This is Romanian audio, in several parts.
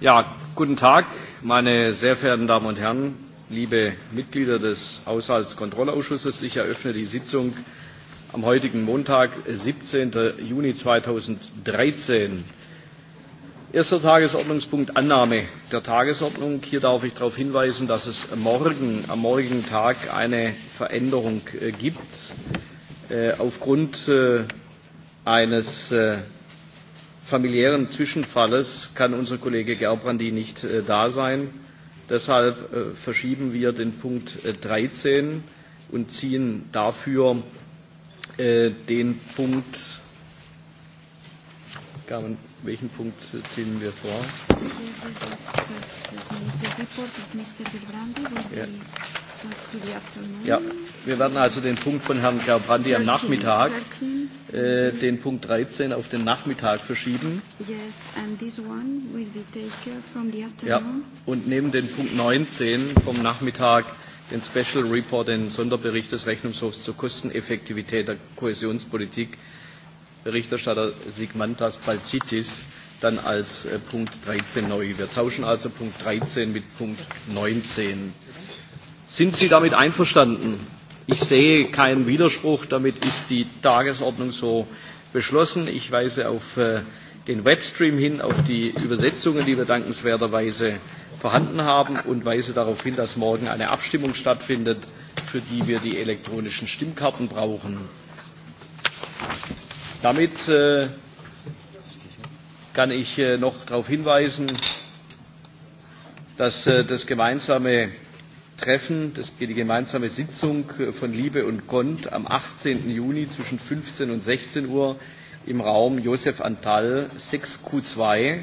Ja, guten Tag, meine sehr verehrten Damen und Herren, liebe Mitglieder des Haushaltskontrollausschusses. Ich eröffne die Sitzung am heutigen Montag, 17. Juni 2013. Erster Tagesordnungspunkt Annahme der Tagesordnung. Hier darf ich darauf hinweisen, dass es morgen, am morgigen Tag eine Veränderung äh, gibt. Äh, aufgrund äh, eines familiären Zwischenfalles kann unser Kollege Gerbrandy nicht äh, da sein. Deshalb äh, verschieben wir den Punkt äh, 13 und ziehen dafür äh, den Punkt, Welchen Punkt ziehen wir vor? Ja. ja, wir werden also den Punkt von Herrn Gerbrandi am Nachmittag, äh, den Punkt 13 auf den Nachmittag verschieben. Ja, und nehmen den Punkt 19 vom Nachmittag den Special Report, den Sonderbericht des Rechnungshofs zur Kosteneffektivität der Kohäsionspolitik Berichterstatter Sigmantas Balzitis dann als äh, Punkt 13 neu. Wir tauschen also Punkt 13 mit Punkt 19. Sind Sie damit einverstanden? Ich sehe keinen Widerspruch. Damit ist die Tagesordnung so beschlossen. Ich weise auf äh, den Webstream hin, auf die Übersetzungen, die wir dankenswerterweise vorhanden haben und weise darauf hin, dass morgen eine Abstimmung stattfindet, für die wir die elektronischen Stimmkarten brauchen. Damit äh, kann ich äh, noch darauf hinweisen, dass äh, das gemeinsame Treffen, das, die gemeinsame Sitzung von Liebe und Kont am 18. Juni zwischen 15 und 16 Uhr im Raum Josef Antal 6Q2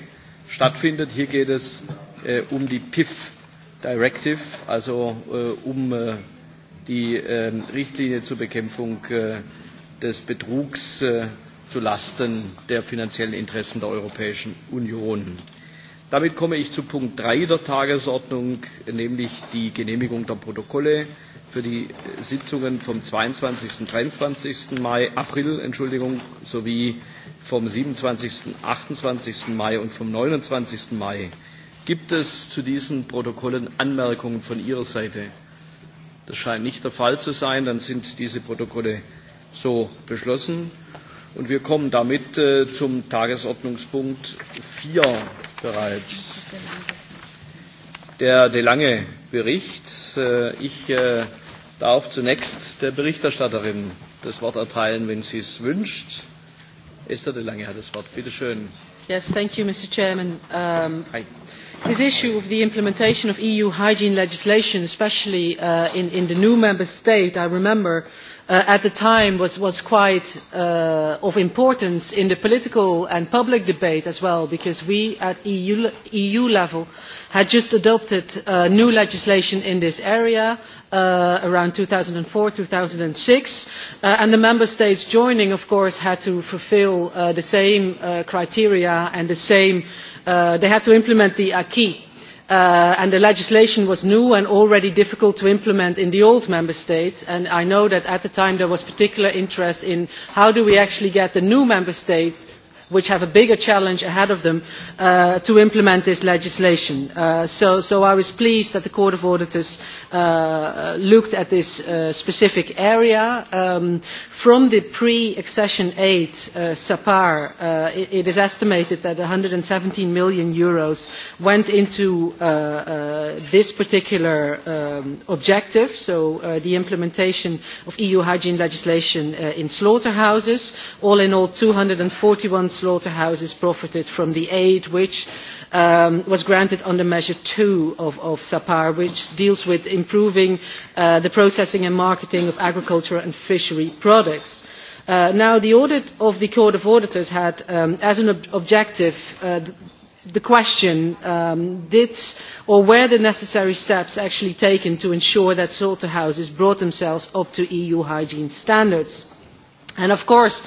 stattfindet. Hier geht es um die PIF Directive, also um die ähm, Richtlinie zur Bekämpfung des Betrugs zu Lasten der finanziellen Interessen der Europäischen Union. Damit komme ich zu Punkt 3 der Tagesordnung, nämlich die Genehmigung der Protokolle für die Sitzungen vom 22. und 23. Mai, April Entschuldigung, sowie vom 27. 28. Mai und vom 29. Mai. Gibt es zu diesen Protokollen Anmerkungen von Ihrer Seite? Das scheint nicht der Fall zu sein. Dann sind diese Protokolle so beschlossen. Und wir kommen damit äh, zum Tagesordnungspunkt 4 bereits. Der De Lange Bericht. Äh, ich äh, darf zunächst der Berichterstatterin das Wort erteilen, wenn sie es wünscht. Esther De Lange hat das Wort. Bitte schön. Yes, thank you, Mr. Chairman. Um, Hi. This issue of the implementation of EU hygiene legislation, especially uh, in, in the new member state, I remember Uh, at the time was, was quite uh, of importance in the political and public debate as well because we at EU, EU level had just adopted uh, new legislation in this area uh, around 2004 2006 uh, and the member states joining of course had to fulfill uh, the same uh, criteria and the same uh, they had to implement the acquis Uh, and the legislation was new and already difficult to implement in the old member states and i know that at the time there was particular interest in how do we actually get the new member states which have a bigger challenge ahead of them uh, to implement this legislation. Uh, so, so I was pleased that the Court of Auditors uh, looked at this uh, specific area. Um, from the pre-accession aid, uh, SAPAR, uh, it, it is estimated that 117 million euros went into uh, uh, this particular um, objective, so uh, the implementation of EU hygiene legislation uh, in slaughterhouses. All in all, 241 slaughterhouses profited from the aid which um, was granted under Measure 2 of, of SAPAR, which deals with improving uh, the processing and marketing of agricultural and fishery products. Uh, now, the audit of the Court of Auditors had um, as an ob objective uh, the question um, did or were the necessary steps actually taken to ensure that slaughterhouses brought themselves up to EU hygiene standards? And of course,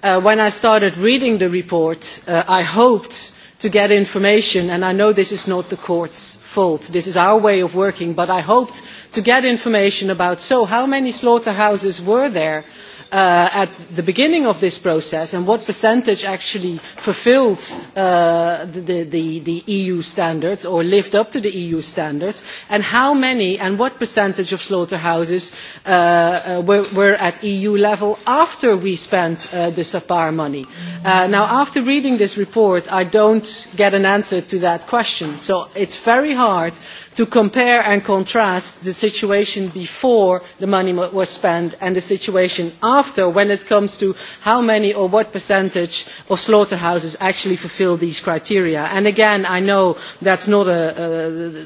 Uh, when I started reading the report, uh, I hoped to get information, and I know this is not the court's fault, this is our way of working, but I hoped to get information about, so how many slaughterhouses were there? Uh, at the beginning of this process and what percentage actually fulfilled uh, the, eu standards or lived up to the eu standards and how many and what percentage of slaughterhouses uh, were, were at eu level after we spent the sapar money. now after reading this report i do not get an answer to that question so it is very hard to compare and contrast the situation before the money was spent and the situation after when it comes to how many or what percentage of slaughterhouses actually fulfil these criteria. And again, I know that's not a,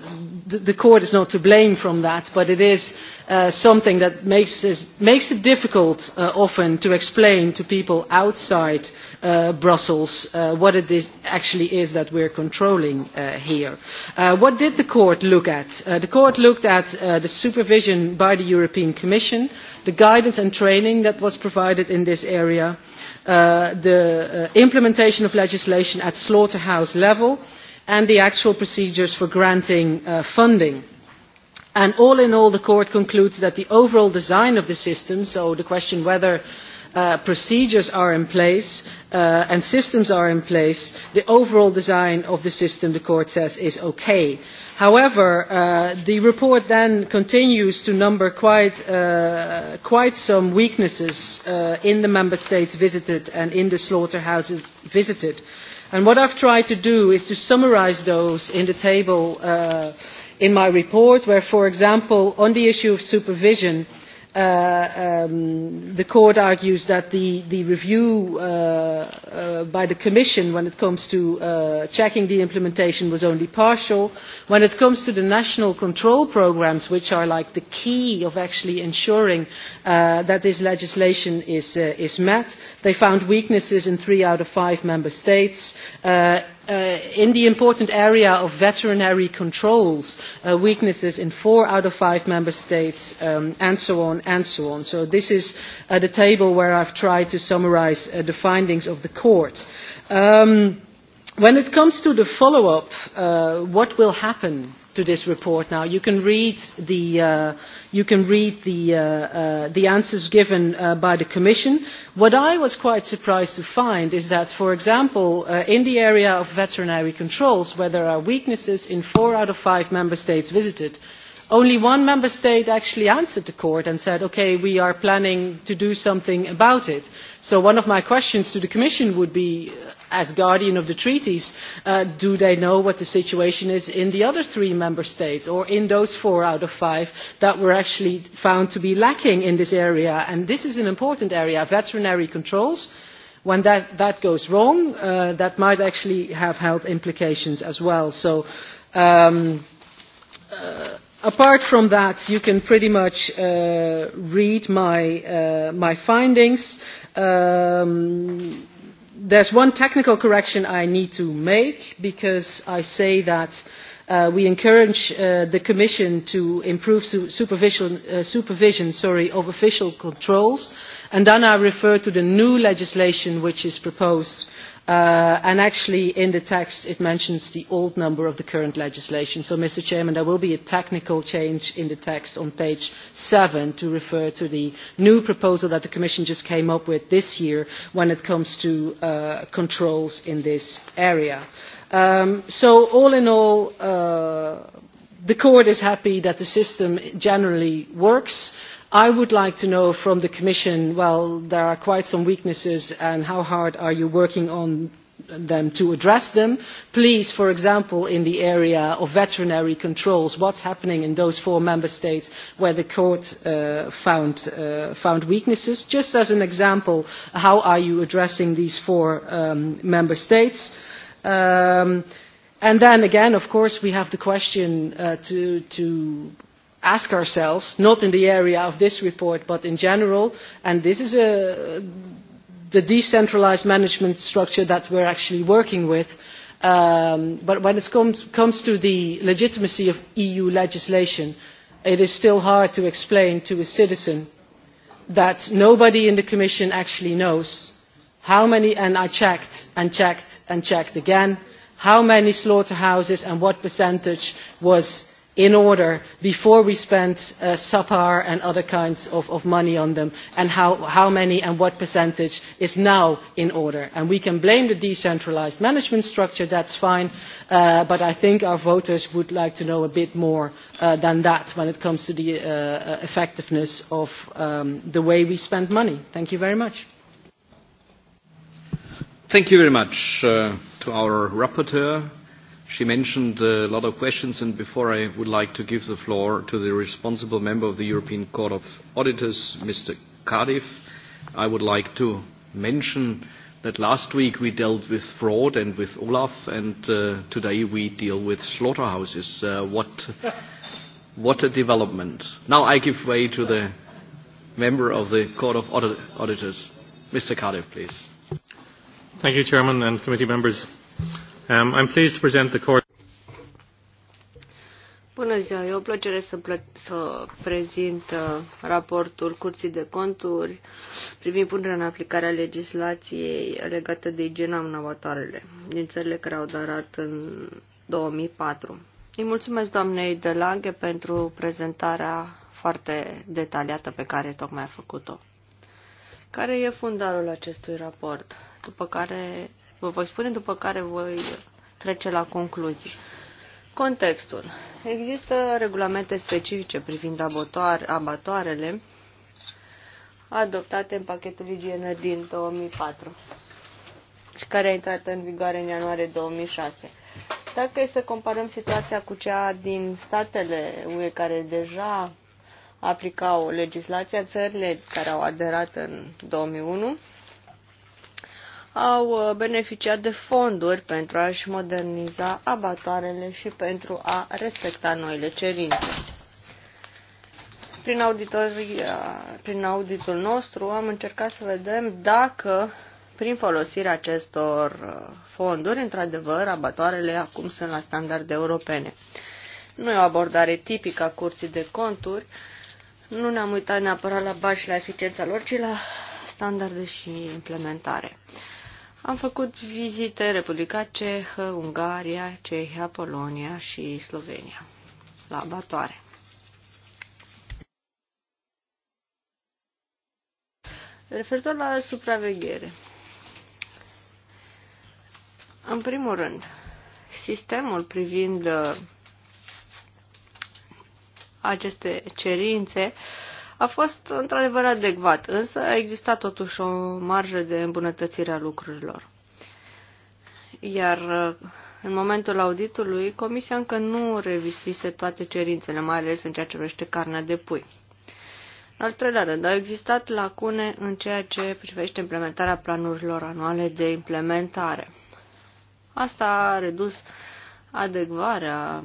the court is not to blame from that, but it is uh, something that makes, is, makes it difficult uh, often to explain to people outside uh, uh, Brussels, uh, what it is actually is that we're controlling uh, here. Uh, what did the court look at? Uh, the court looked at uh, the supervision by the European Commission, the guidance and training that was provided in this area, uh, the uh, implementation of legislation at slaughterhouse level, and the actual procedures for granting uh, funding. And all in all, the court concludes that the overall design of the system, so the question whether uh, Uh, procedures are in place uh, and systems are in place, the overall design of the system, the court says, is okay. However, uh, the report then continues to number quite, uh, quite some weaknesses uh, in the member states visited and in the slaughterhouses visited. And what I've tried to do is to summarise those in the table in my report, where, for example, on the issue of supervision, uh, Uh, um, the court argues that the, the review uh, uh, by the commission when it comes to uh, checking the implementation was only partial. when it comes to the national control programmes which are like the key of actually ensuring uh, that this legislation is, is met they found weaknesses in three out of five member states. Uh, in the important area of veterinary controls, uh, weaknesses in four out of five member states, um, and so on and so on. So this is uh, the table where i have tried to summarise the findings of the court. Um, when it comes to the follow-up, what will happen to this report now. You can read the, uh, you can read the, uh, uh, the answers given uh, by the Commission. What I was quite surprised to find is that, for example, uh, in the area of veterinary controls, where there are weaknesses in four out of five member states visited, only one member state actually answered the court and said, okay, we are planning to do something about it. So one of my questions to the Commission would be, as guardian of the treaties, uh, do they know what the situation is in the other three member states or in those four out of five that were actually found to be lacking in this area? And this is an important area, veterinary controls. When that, that goes wrong, uh, that might actually have health implications as well. So um, uh, apart from that, you can pretty much uh, read my, uh, my findings. Um, there's one technical correction I need to make because I say that uh, we encourage uh, the Commission to improve su supervision, uh, supervision sorry, of official controls, and then I refer to the new legislation which is proposed Uh, and actually in the text it mentions the old number of the current legislation. So Mr Chairman, there will be a technical change in the text on page seven to refer to the new proposal that the Commission just came up with this year when it comes to uh, controls in this area. Um, so all in all, uh, the court is happy that the system generally works i would like to know from the commission well there are quite some weaknesses and how hard are you working on them to address them please for example in the area of veterinary controls what's happening in those four member states where the court uh, uh, found, weaknesses just as an example how are you addressing these four um, member states um, and then again of course we have the question uh, to ask ourselves not in the area of this report but in general and this is the decentralised management structure that we are actually working with um, but when it comes to the legitimacy of eu legislation it is still hard to explain to a citizen that nobody in the commission actually knows how many and i checked and checked and checked again how many slaughterhouses and what percentage was in order before we spend uh, SAPAR and other kinds of, of money on them and how, how many and what percentage is now in order. And we can blame the decentralised management structure, that's fine, uh, but I think our voters would like to know a bit more uh, than that when it comes to the uh, uh effectiveness of um, the way we spend money. Thank you very much. Thank you very much uh, to our rapporteur. She mentioned uh, a lot of questions, and before I would like to give the floor to the responsible member of the European Court of Auditors, Mr. Cardiff, I would like to mention that last week we dealt with fraud and with Olaf, and uh, today we deal with slaughterhouses. Uh, what, what a development. Now I give way to the member of the Court of Auditors. Mr. Cardiff, please. Thank you, Chairman and committee members. Um, I'm pleased to present the court. Bună ziua, e o plăcere să, plă- să prezint uh, raportul Curții de Conturi privind punerea în aplicare a legislației legată de igiena în abatoarele din țările care au darat în 2004. Îi mulțumesc doamnei de Lange pentru prezentarea foarte detaliată pe care tocmai a făcut-o. Care e fundalul acestui raport, după care vă voi spune, după care voi trece la concluzii. Contextul. Există regulamente specifice privind abatoarele adoptate în pachetul igienă din 2004 și care a intrat în vigoare în ianuarie 2006. Dacă e să comparăm situația cu cea din statele UE care deja aplicau legislația, țările care au aderat în 2001, au uh, beneficiat de fonduri pentru a-și moderniza abatoarele și pentru a respecta noile cerințe. Prin, uh, prin auditul nostru am încercat să vedem dacă prin folosirea acestor uh, fonduri, într-adevăr, abatoarele acum sunt la standarde europene. Nu e o abordare tipică a curții de conturi, nu ne-am uitat neapărat la bani și la eficiența lor, ci la standarde și implementare. Am făcut vizite Republica Cehă, Ungaria, Cehia, Polonia și Slovenia la abatoare. Referitor la supraveghere. În primul rând, sistemul privind uh, aceste cerințe uh, a fost într-adevăr adecvat, însă a existat totuși o marjă de îmbunătățire a lucrurilor. Iar uh, în momentul auditului, comisia încă nu revisise toate cerințele, mai ales în ceea ce privește carnea de pui. În al treilea rând, au existat lacune în ceea ce privește implementarea planurilor anuale de implementare. Asta a redus adecvarea,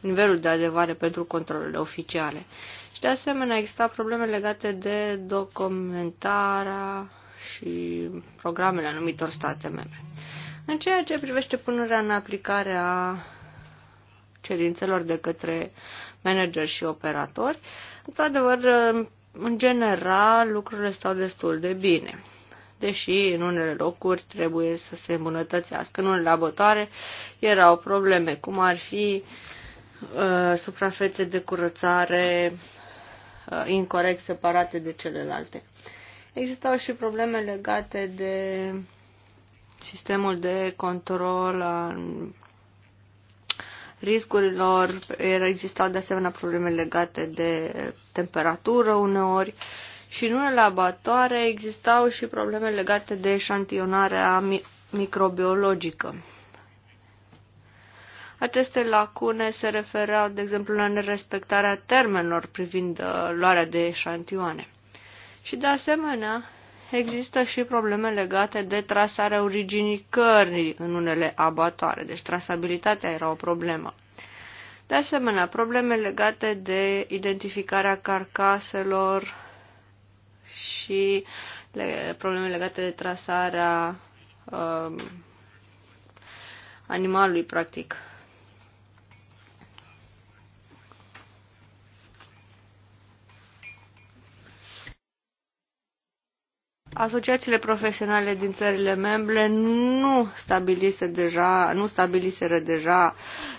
nivelul de adecvare pentru controlele oficiale. Și de asemenea exista probleme legate de documentarea și programele anumitor state membre. În ceea ce privește punerea în aplicare a cerințelor de către manageri și operatori, într-adevăr, în general, lucrurile stau destul de bine. Deși în unele locuri trebuie să se îmbunătățească. În unele abătoare erau probleme, cum ar fi uh, suprafețe de curățare Uh, incorrect separate de celelalte. Existau și probleme legate de sistemul de control a riscurilor, existau de asemenea probleme legate de temperatură uneori și în unele abatoare existau și probleme legate de eșantionarea microbiologică. Aceste lacune se refereau, de exemplu, la nerespectarea termenilor privind uh, luarea de eșantioane. Și, de asemenea, există și probleme legate de trasarea originii cărnii în unele abatoare, deci trasabilitatea era o problemă. De asemenea, probleme legate de identificarea carcaselor și le, probleme legate de trasarea uh, animalului, practic, Asociațiile profesionale din țările membre nu stabilise deja, nu stabiliseră deja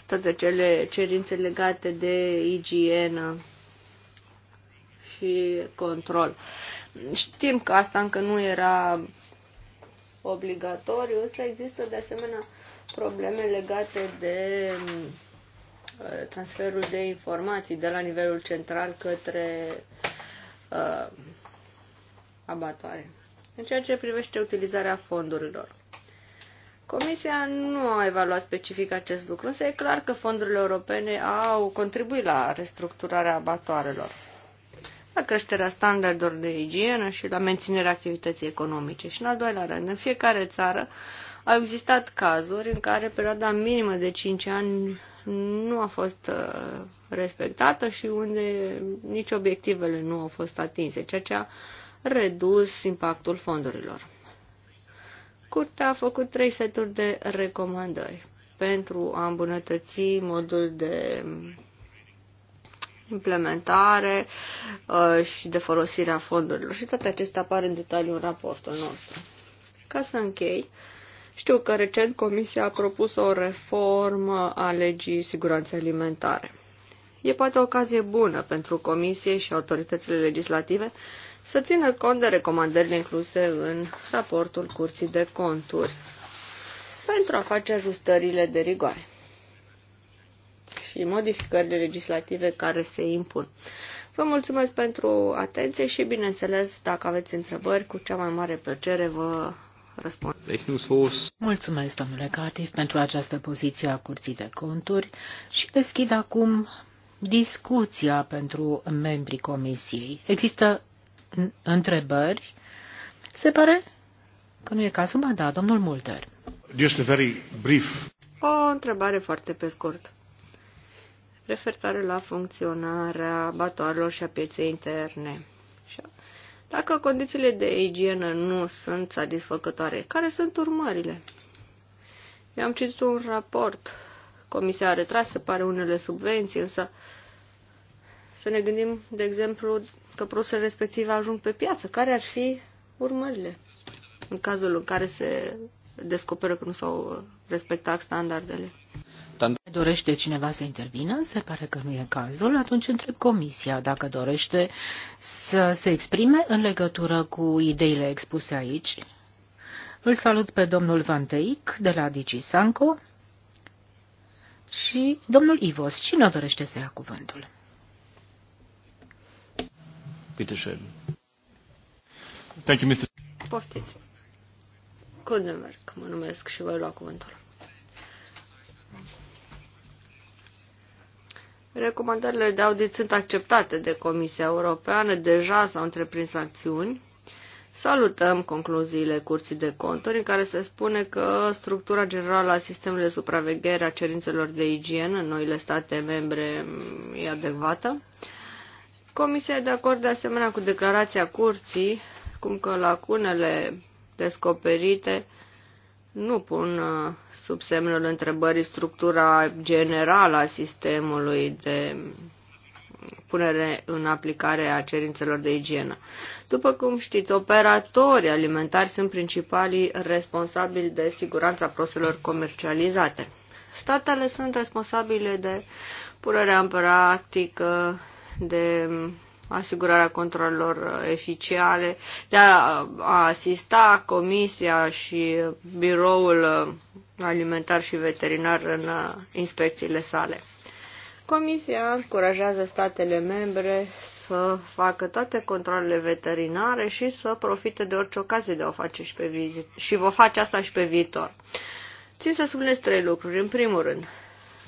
toate cele cerințe legate de igienă și control. Știm că asta încă nu era obligatoriu, însă există de asemenea probleme legate de uh, transferul de informații de la nivelul central către uh, abatoare în ceea ce privește utilizarea fondurilor. Comisia nu a evaluat specific acest lucru, însă e clar că fondurile europene au contribuit la restructurarea abatoarelor, la creșterea standardelor de igienă și la menținerea activității economice. Și în al doilea rând, în fiecare țară au existat cazuri în care perioada minimă de 5 ani nu a fost uh, respectată și unde nici obiectivele nu au fost atinse, ceea ce a redus impactul fondurilor. Curtea a făcut trei seturi de recomandări pentru a îmbunătăți modul de implementare uh, și de folosire a fondurilor. Și toate acestea apar în detaliu în raportul nostru. Ca să închei, știu că recent Comisia a propus o reformă a legii siguranței alimentare. E poate o ocazie bună pentru Comisie și autoritățile legislative să țină cont de recomandările incluse în raportul Curții de Conturi pentru a face ajustările de rigoare și modificările legislative care se impun. Vă mulțumesc pentru atenție și, bineînțeles, dacă aveți întrebări, cu cea mai mare plăcere vă răspund. Mulțumesc, domnule Catif, pentru această poziție a Curții de Conturi și deschid acum discuția pentru membrii Comisiei. Există întrebări? Se pare că nu e cazul, ba da, domnul Mulder. Just a very brief. O întrebare foarte pe scurt referitoare la funcționarea batoarelor și a pieței interne. Dacă condițiile de igienă nu sunt satisfăcătoare, care sunt urmările? Eu am citit un raport. Comisia a retras, se pare, unele subvenții, însă să ne gândim, de exemplu, că produsele respective ajung pe piață. Care ar fi urmările în cazul în care se descoperă că nu s-au uh, respectat standardele? Dorește cineva să intervină? Se pare că nu e cazul. Atunci întreb comisia dacă dorește să se exprime în legătură cu ideile expuse aici. Îl salut pe domnul Van Teic de la Digi Sanco și domnul Ivos. Cine dorește să ia cuvântul? Bitte schön. Thank you, Mr. Poftiți. Codnemer, că mă numesc și voi lua cuvântul. Recomandările de audit sunt acceptate de Comisia Europeană, deja s-au întreprins acțiuni. Salutăm concluziile Curții de Conturi în care se spune că structura generală a sistemului de supraveghere a cerințelor de igienă în noile state membre e adecvată. Comisia e de acord de asemenea cu declarația curții, cum că lacunele descoperite nu pun uh, sub semnul întrebării structura generală a sistemului de punere în aplicare a cerințelor de igienă. După cum știți, operatorii alimentari sunt principalii responsabili de siguranța proselor comercializate. Statele sunt responsabile de punerea în practică de asigurarea controlelor eficiale, de a, a asista comisia și biroul alimentar și veterinar în uh, inspecțiile sale. Comisia încurajează statele membre să facă toate controlele veterinare și să profite de orice ocazie de a o face și pe viitor. Și vă face asta și pe viitor. Țin să subliniez trei lucruri. În primul rând,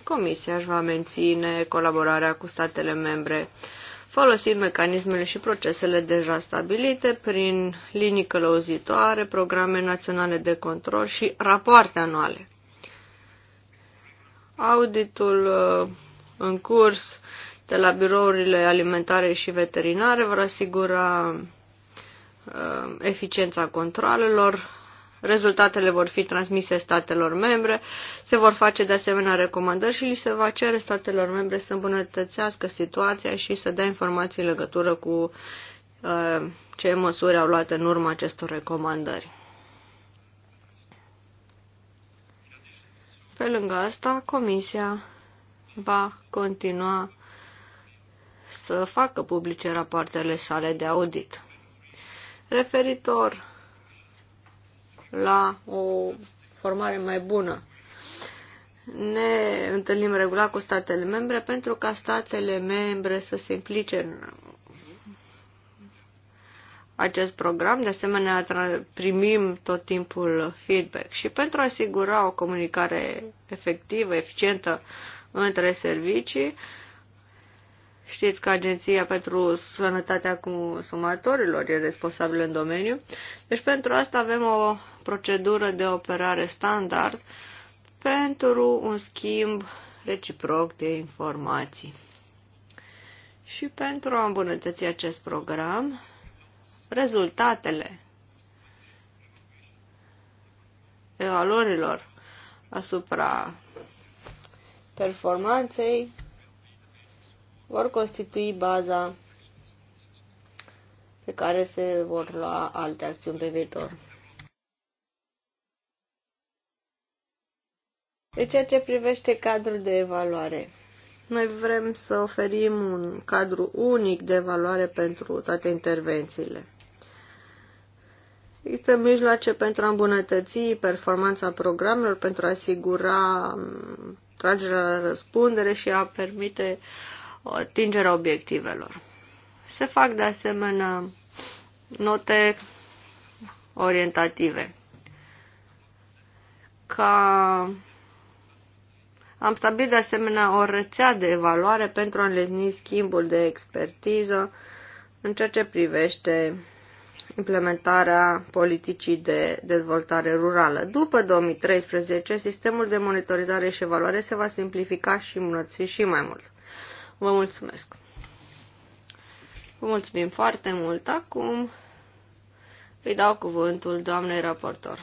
Comisia își va menține colaborarea cu statele membre folosind mecanismele și procesele deja stabilite prin linii călăuzitoare, programe naționale de control și rapoarte anuale. Auditul uh, în curs de la birourile alimentare și veterinare vor asigura uh, eficiența controlelor, Rezultatele vor fi transmise statelor membre, se vor face de asemenea recomandări și li se va cere statelor membre să îmbunătățească situația și să dea informații în legătură cu uh, ce măsuri au luat în urma acestor recomandări. Pe lângă asta, Comisia va continua să facă publice rapoartele sale de audit. Referitor la o formare mai bună. Ne întâlnim regulat cu statele membre pentru ca statele membre să se implice în acest program. De asemenea, primim tot timpul feedback și pentru a asigura o comunicare efectivă, eficientă între servicii, uh, Știți că Agenția pentru Sănătatea Consumatorilor e responsabilă în domeniu. Deci pentru asta avem o procedură de operare standard pentru un schimb reciproc de informații. Și pentru a îmbunătăți acest program, rezultatele evaluărilor asupra performanței vor constitui baza pe care se vor lua alte acțiuni pe viitor. În ceea ce privește cadrul de evaluare, noi vrem să oferim un cadru unic de evaluare pentru toate intervențiile. Există mijloace pentru a îmbunătăți performanța programelor, pentru a asigura mm, tragerea la răspundere și a permite atingerea obiectivelor. Se fac de asemenea note orientative. Ca am stabilit de asemenea o rețea de evaluare pentru a înlesni schimbul de expertiză în ceea ce privește implementarea politicii de dezvoltare rurală. După 2013, sistemul de monitorizare și evaluare se va simplifica și îmbunătăți și mai mult. Vă mulțumesc! Vă mulțumim foarte mult! Acum îi dau cuvântul doamnei raportor.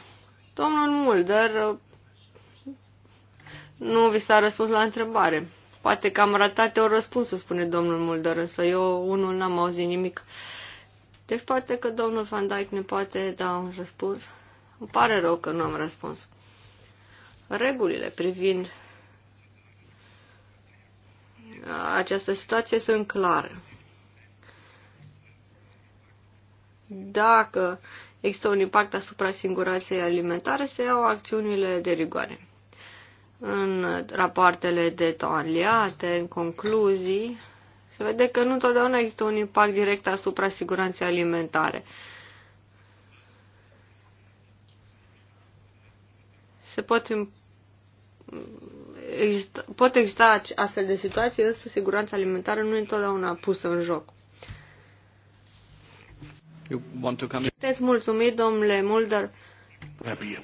Domnul Mulder, nu vi s-a răspuns la întrebare. Poate că am ratat eu răspunsul, spune domnul Mulder, însă eu unul n-am auzit nimic. Deci poate că domnul Van Dijk ne poate da un răspuns. Îmi pare rău că nu am răspuns. Regulile privind această situație sunt clare. Dacă există un impact asupra singurației alimentare, se iau acțiunile de rigoare. În rapoartele detaliate, în concluzii, se vede că nu întotdeauna există un impact direct asupra siguranței alimentare. Se pot exista, pot exista astfel de situații, însă siguranța alimentară nu e întotdeauna pusă în joc. You want to come Sunteți mulțumit, domnule Mulder? Rapid.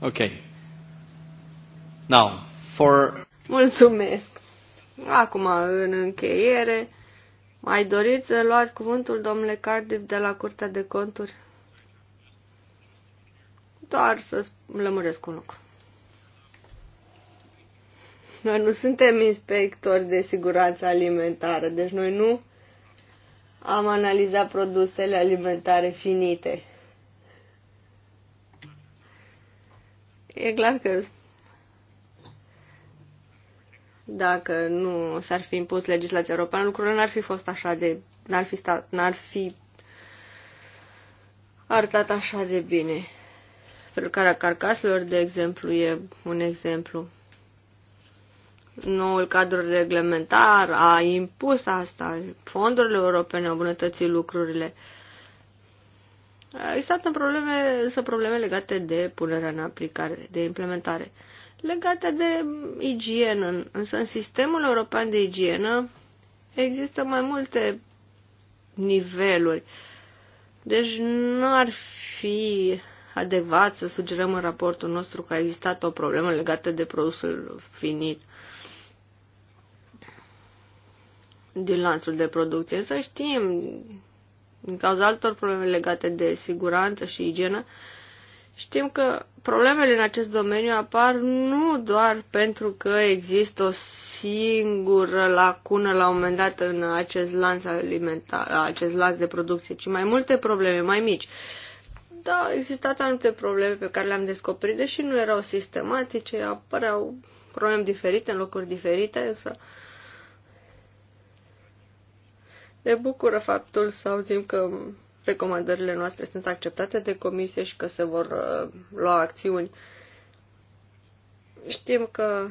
Ok. Now, for... Mulțumesc. Acum, în încheiere, mai doriți să luați cuvântul, domnule Cardiff, de la Curtea de Conturi? doar să lămuresc un lucru. Noi nu suntem inspectori de siguranță alimentară, deci noi nu am analizat produsele alimentare finite. E clar că dacă nu s-ar fi impus legislația europeană, lucrurile n-ar fi fost așa de... n-ar fi stat... n-ar fi arătat așa de bine. Prelucarea carcaselor, de exemplu, e un exemplu. Noul cadru reglementar a impus asta. Fondurile europene au bunătățit lucrurile. Există probleme, însă probleme legate de punerea în aplicare, de implementare, legate de igienă. Însă în sistemul european de igienă există mai multe niveluri. Deci nu ar fi Adevărat, să sugerăm în raportul nostru că a existat o problemă legată de produsul finit din lanțul de producție. Însă știm, din cauza altor probleme legate de siguranță și igienă, știm că problemele în acest domeniu apar nu doar pentru că există o singură lacună la un moment dat în acest lanț alimentar, acest lanț de producție, ci mai multe probleme mai mici. Uh, da, au existat anumite probleme pe care le-am descoperit, deși nu erau sistematice, apăreau probleme diferite în locuri diferite, însă ne bucură faptul să auzim că recomandările noastre sunt acceptate de comisie și că se vor uh, lua acțiuni. Știm că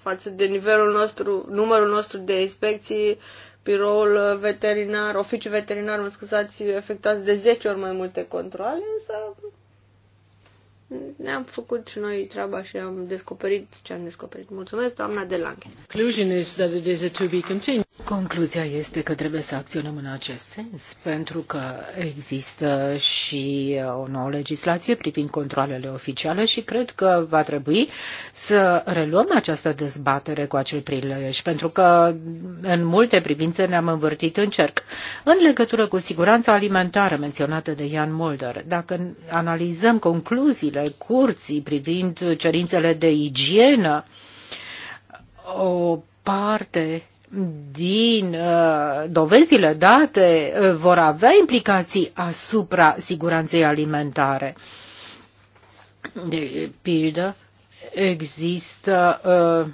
față de nivelul nostru, numărul nostru de inspecții, biroul veterinar, oficiul veterinar, mă scuzați, efectuați de 10 ori mai multe controle, însă ne-am făcut și noi treaba și am descoperit ce am descoperit. Mulțumesc, doamna de Lange. Concluzia este că trebuie să acționăm în acest sens, pentru că există și uh, o nouă legislație privind controlele oficiale și cred că va trebui să reluăm această dezbatere cu acel prilej, pentru că în multe privințe ne-am învârtit în cerc. În legătură cu siguranța alimentară menționată de Ian Mulder, dacă analizăm concluziile deciziile curții privind cerințele de igienă, o parte din uh, dovezile date uh, vor avea implicații asupra siguranței alimentare. De pildă, există uh,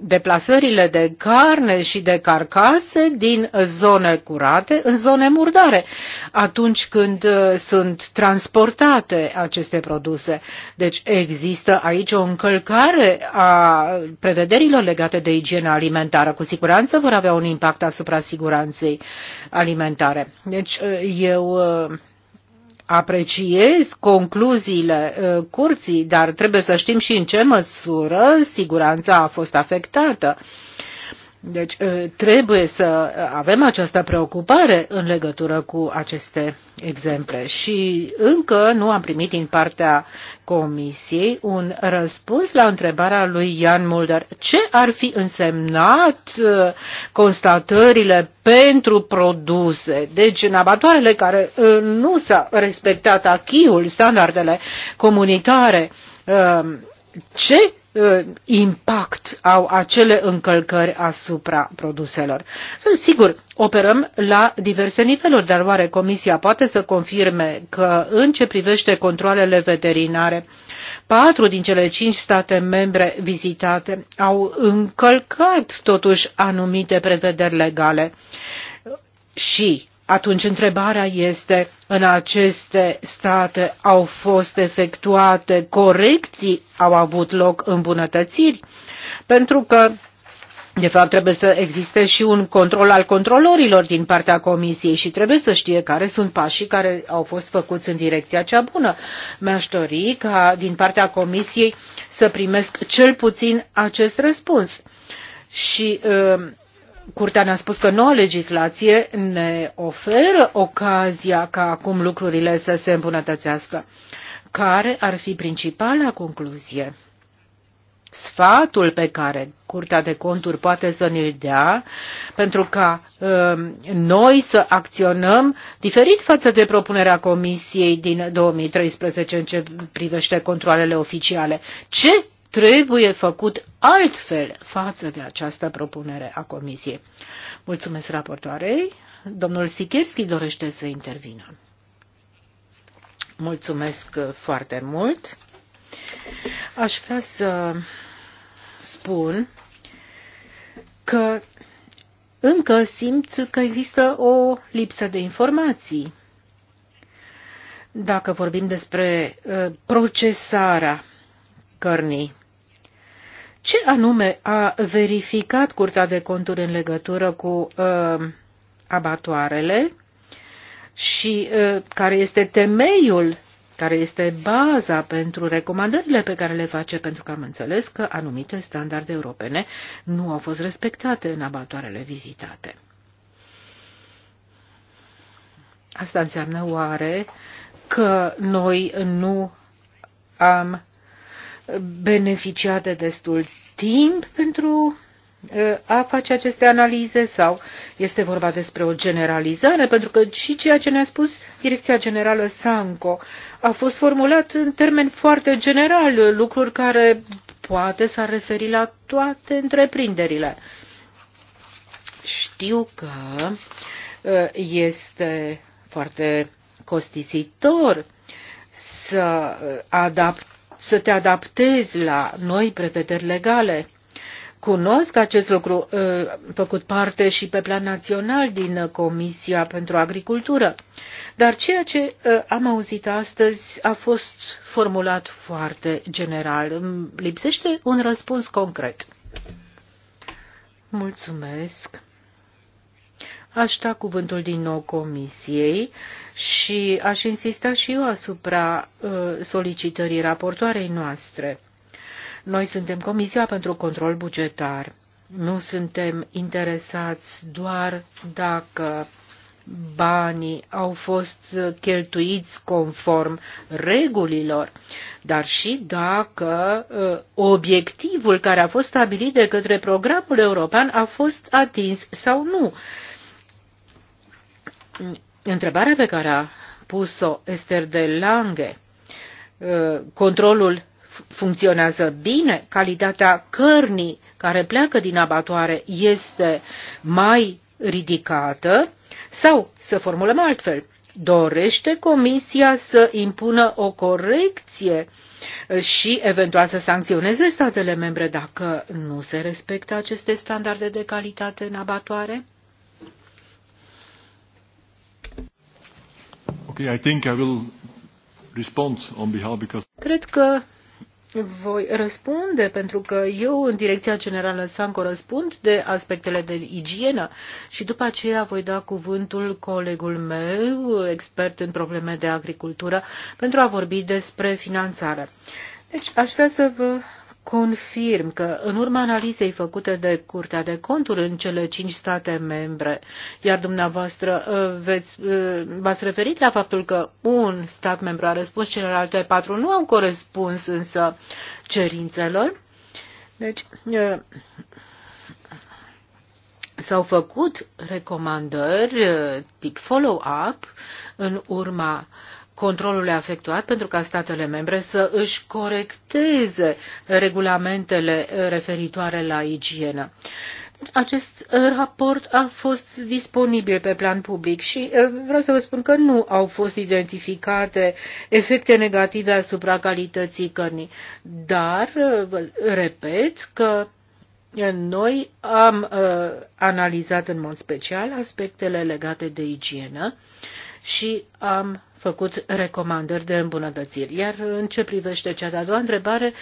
deplasările de carne și de carcase din zone curate în zone murdare atunci când uh, sunt transportate aceste produse. Deci există aici o încălcare a prevederilor legate de igiena alimentară. Cu siguranță vor avea un impact asupra siguranței alimentare. Deci uh, eu uh, apreciez concluziile uh, curții, dar trebuie să știm și în ce măsură siguranța a fost afectată. Deci ă, trebuie să avem această preocupare în legătură cu aceste exemple și încă nu am primit din partea Comisiei un răspuns la întrebarea lui Jan Mulder. Ce ar fi însemnat ă, constatările pentru produse? Deci în abatoarele care ă, nu s-a respectat achiul, standardele comunitare, ce uh, impact au acele încălcări asupra produselor. Sigur, operăm la diverse niveluri, dar oare Comisia poate să confirme că în ce privește controlele veterinare, patru din cele cinci state membre vizitate au încălcat totuși anumite prevederi legale și atunci întrebarea este, în aceste state au fost efectuate corecții, au avut loc îmbunătățiri? Pentru că, de fapt, trebuie să existe și un control al controlorilor din partea Comisiei și trebuie să știe care sunt pașii care au fost făcuți în direcția cea bună. Mi-aș dori ca din partea Comisiei să primesc cel puțin acest răspuns. Și uh, Curtea ne-a spus că noua legislație ne oferă ocazia ca acum lucrurile să se îmbunătățească. Care ar fi principala concluzie? Sfatul pe care Curtea de Conturi poate să ne-l dea pentru ca uh, noi să acționăm diferit față de propunerea Comisiei din 2013 în ce privește controlele oficiale. Ce trebuie făcut altfel față de această propunere a Comisiei. Mulțumesc raportoarei. Domnul Sikerski dorește să intervină. Mulțumesc uh, foarte mult. Aș vrea să spun că încă simt că există o lipsă de informații. Dacă vorbim despre uh, procesarea cărnii ce anume a verificat Curtea de Conturi în legătură cu uh, abatoarele și uh, care este temeiul, care este baza pentru recomandările pe care le face, pentru că am înțeles că anumite standarde europene nu au fost respectate în abatoarele vizitate. Asta înseamnă oare că noi nu am beneficiat de destul timp pentru a face aceste analize sau este vorba despre o generalizare, pentru că și ceea ce ne-a spus Direcția Generală Sanco a fost formulat în termen foarte general, lucruri care poate s-ar referi la toate întreprinderile. Știu că este foarte costisitor să adaptăm să te adaptezi la noi prevederi legale. Cunosc acest lucru, uh, făcut parte și pe plan național din Comisia pentru Agricultură, dar ceea ce uh, am auzit astăzi a fost formulat foarte general. Lipsește un răspuns concret. Mulțumesc. Aș da cuvântul din nou comisiei și aș insista și eu asupra uh, solicitării raportoarei noastre. Noi suntem Comisia pentru Control Bugetar. Nu suntem interesați doar dacă banii au fost cheltuiți conform regulilor, dar și dacă uh, obiectivul care a fost stabilit de către programul european a fost atins sau nu întrebarea pe care a pus-o Esther de Lange, uh, controlul funcționează bine, calitatea cărnii care pleacă din abatoare este mai ridicată sau, să formulăm altfel, dorește Comisia să impună o corecție și eventual să sancționeze statele membre dacă nu se respectă aceste standarde de calitate în abatoare? Okay, I think I will respond on behalf because... Cred că voi răspunde, pentru că eu în Direcția Generală Sanco răspund de aspectele de igienă și după aceea voi da cuvântul colegul meu, expert în probleme de agricultură, pentru a vorbi despre finanțare. Deci aș vrea să vă confirm că în urma analizei făcute de Curtea de Conturi în cele cinci state membre, iar dumneavoastră uh, veți, uh, v-ați referit la faptul că un stat membru a răspuns, celelalte patru nu au corespuns însă cerințelor. Deci uh, s-au făcut recomandări tip follow-up în urma uh, controlul efectuat pentru ca statele membre să își corecteze regulamentele referitoare la igienă. Acest raport a fost disponibil pe plan public și eh, vreau să vă spun că nu au fost identificate efecte negative asupra calității cărnii, dar eh, repet că eh, noi am uh, analizat în mod special aspectele legate de igienă și am făcut recomandări de îmbunătățiri. Iar în ce privește cea de-a doua întrebare,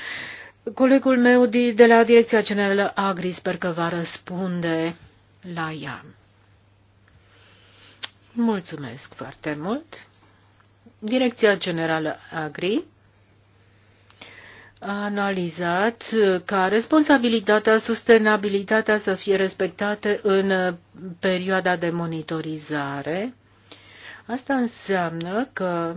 colegul meu de la Direcția Generală Agri sper că va răspunde la ea. Mulțumesc foarte mult. Direcția Generală Agri a analizat ca responsabilitatea, sustenabilitatea să fie respectate în perioada de monitorizare Asta înseamnă că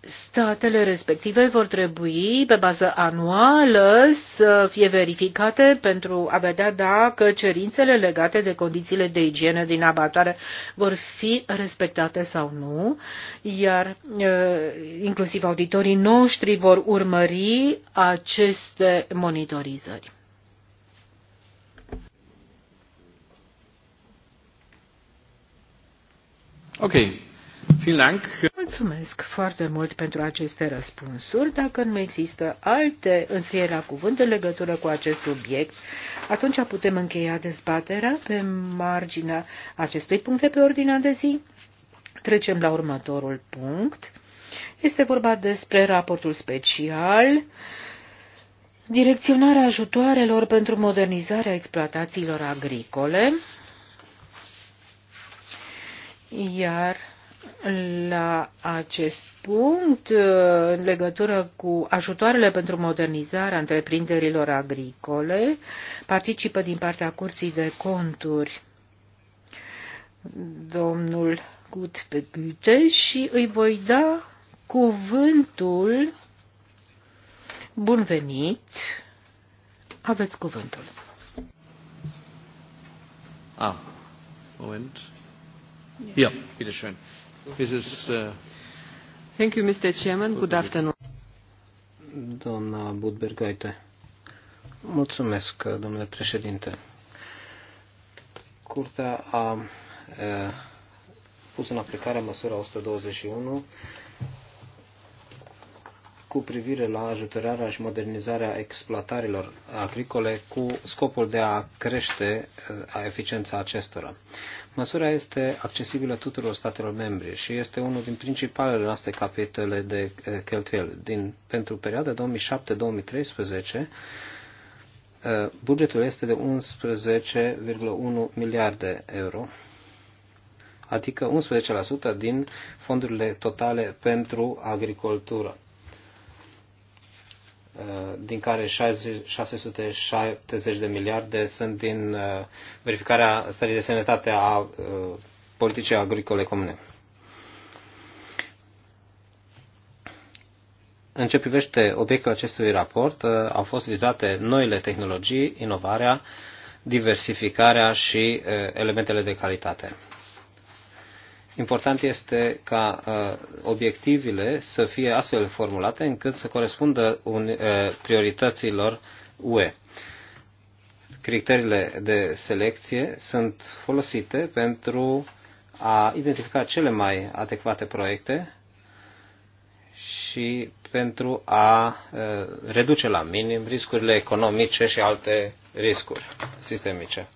statele respective vor trebui, pe bază anuală, să fie verificate pentru a vedea dacă cerințele legate de condițiile de igienă din abatoare vor fi respectate sau nu, iar inclusiv auditorii noștri vor urmări aceste monitorizări. Ok. Mulțumesc foarte mult pentru aceste răspunsuri. Dacă nu există alte înscrieri la cuvânt în legătură cu acest subiect, atunci putem încheia dezbaterea pe marginea acestui punct de pe ordinea de zi. Trecem la următorul punct. Este vorba despre raportul special Direcționarea ajutoarelor pentru modernizarea exploatațiilor agricole iar la acest punct, în legătură cu ajutoarele pentru modernizarea întreprinderilor agricole, participă din partea Curții de Conturi domnul Gut pe și îi voi da cuvântul bun venit. Aveți cuvântul. Ah, moment. Ja, bitteschön. Äh, Thank you, Mr. Chairman. Good afternoon. Doamna Budbergoite. Mulțumesc, domnule președinte. Curtea a, a pus în aplicare măsura 121 cu privire la ajutorarea și modernizarea exploatărilor agricole cu scopul de a crește a eficiența acestora. Măsura este accesibilă tuturor statelor membre și este unul din principalele noastre capitole de eh, cheltuieli. Din, pentru perioada 2007-2013, eh, bugetul este de 11,1 miliarde euro, adică 11% din fondurile totale pentru agricultură. Uh, din care 670 de miliarde sunt din uh, verificarea stării de sănătate a uh, politicii agricole comune. În ce privește obiectul acestui raport, au fost vizate noile tehnologii, inovarea, diversificarea și elementele de calitate. Important este ca uh, obiectivele să fie astfel formulate încât să corespundă un, uh, priorităților UE. Criteriile de selecție sunt folosite pentru a identifica cele mai adecvate proiecte și pentru a uh, reduce la minim riscurile economice și alte riscuri sistemice.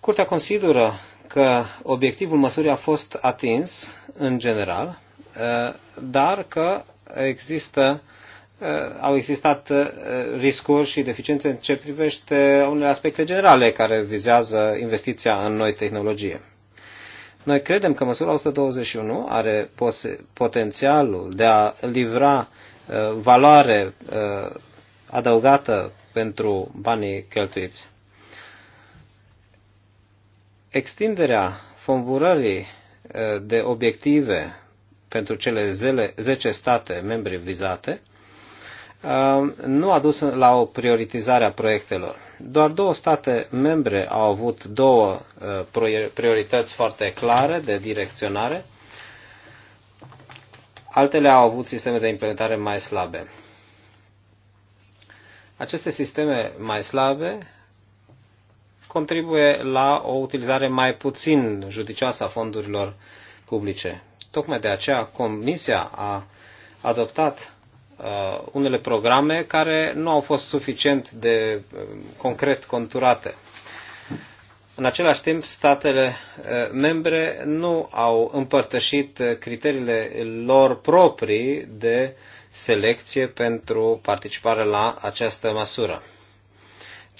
Curtea consideră că obiectivul măsurii a fost atins în general, eh, dar că există, eh, au existat eh, riscuri și deficiențe în ce privește unele aspecte generale care vizează investiția în noi tehnologie. Noi credem că măsura 121 are potențialul de a livra valoare adăugată pentru banii cheltuiți extinderea fomburării de obiective pentru cele 10 state membre vizate nu a dus la o prioritizare a proiectelor. Doar două state membre au avut două priorități foarte clare de direcționare, altele au avut sisteme de implementare mai slabe. Aceste sisteme mai slabe contribuie la o utilizare mai puțin judicioasă a fondurilor publice. Tocmai de aceea Comisia a adoptat uh, unele programe care nu au fost suficient de uh, concret conturate. În același timp, statele uh, membre nu au împărtășit uh, criteriile lor proprii de selecție pentru participare la această măsură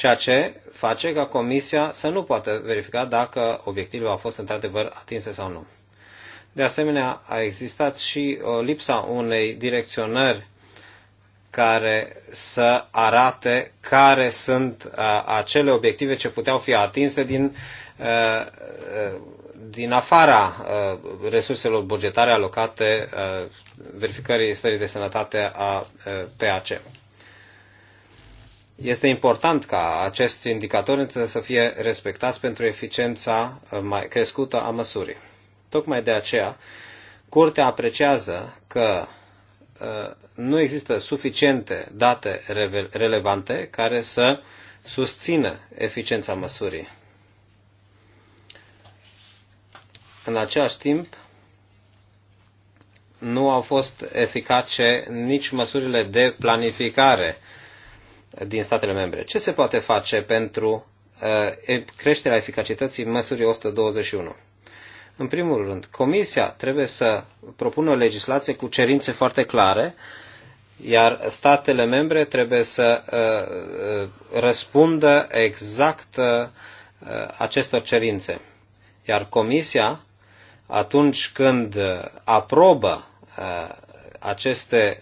ceea ce face ca Comisia să nu poată verifica dacă obiectivul a fost într-adevăr atinse sau nu. De asemenea, a existat și o lipsa unei direcționări care să arate care sunt acele obiective ce puteau fi atinse din, din afara resurselor bugetare alocate verificării stării de sănătate a PAC. Este important ca aceste indicatori să fie respectați pentru eficiența uh, mai crescută a măsurii. Tocmai de aceea, Curtea apreciază că uh, nu există suficiente date relevante care să susțină eficiența măsurii. În același timp, nu au fost eficace nici măsurile de planificare din statele membre. Ce se poate face pentru uh, creșterea eficacității măsurii 121? În primul rând, Comisia trebuie să propună o legislație cu cerințe foarte clare, iar statele membre trebuie să uh, uh, răspundă exact acestor cerințe. Iar Comisia, atunci când aprobă aceste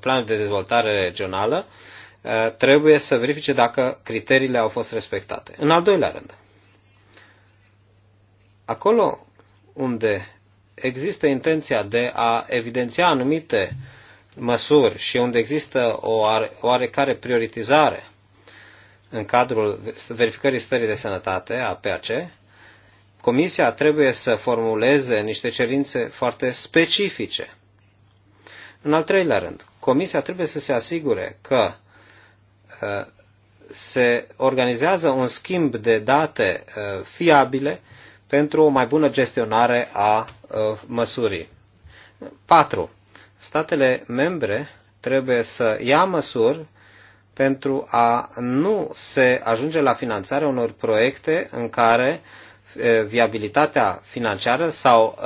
planuri de dezvoltare regională, Eh, trebuie să verifice dacă criteriile au fost respectate. În al doilea rând, acolo unde există intenția de a evidenția anumite măsuri și unde există o oarecare prioritizare în cadrul verificării stării de sănătate a PAC, Comisia trebuie să formuleze niște cerințe foarte specifice. În al treilea rând, Comisia trebuie să se asigure că Uh, se organizează un schimb de date uh, fiabile pentru o mai bună gestionare a uh, măsurii. 4. Statele membre trebuie să ia măsuri pentru a nu se ajunge la finanțarea unor proiecte în care viabilitatea financiară sau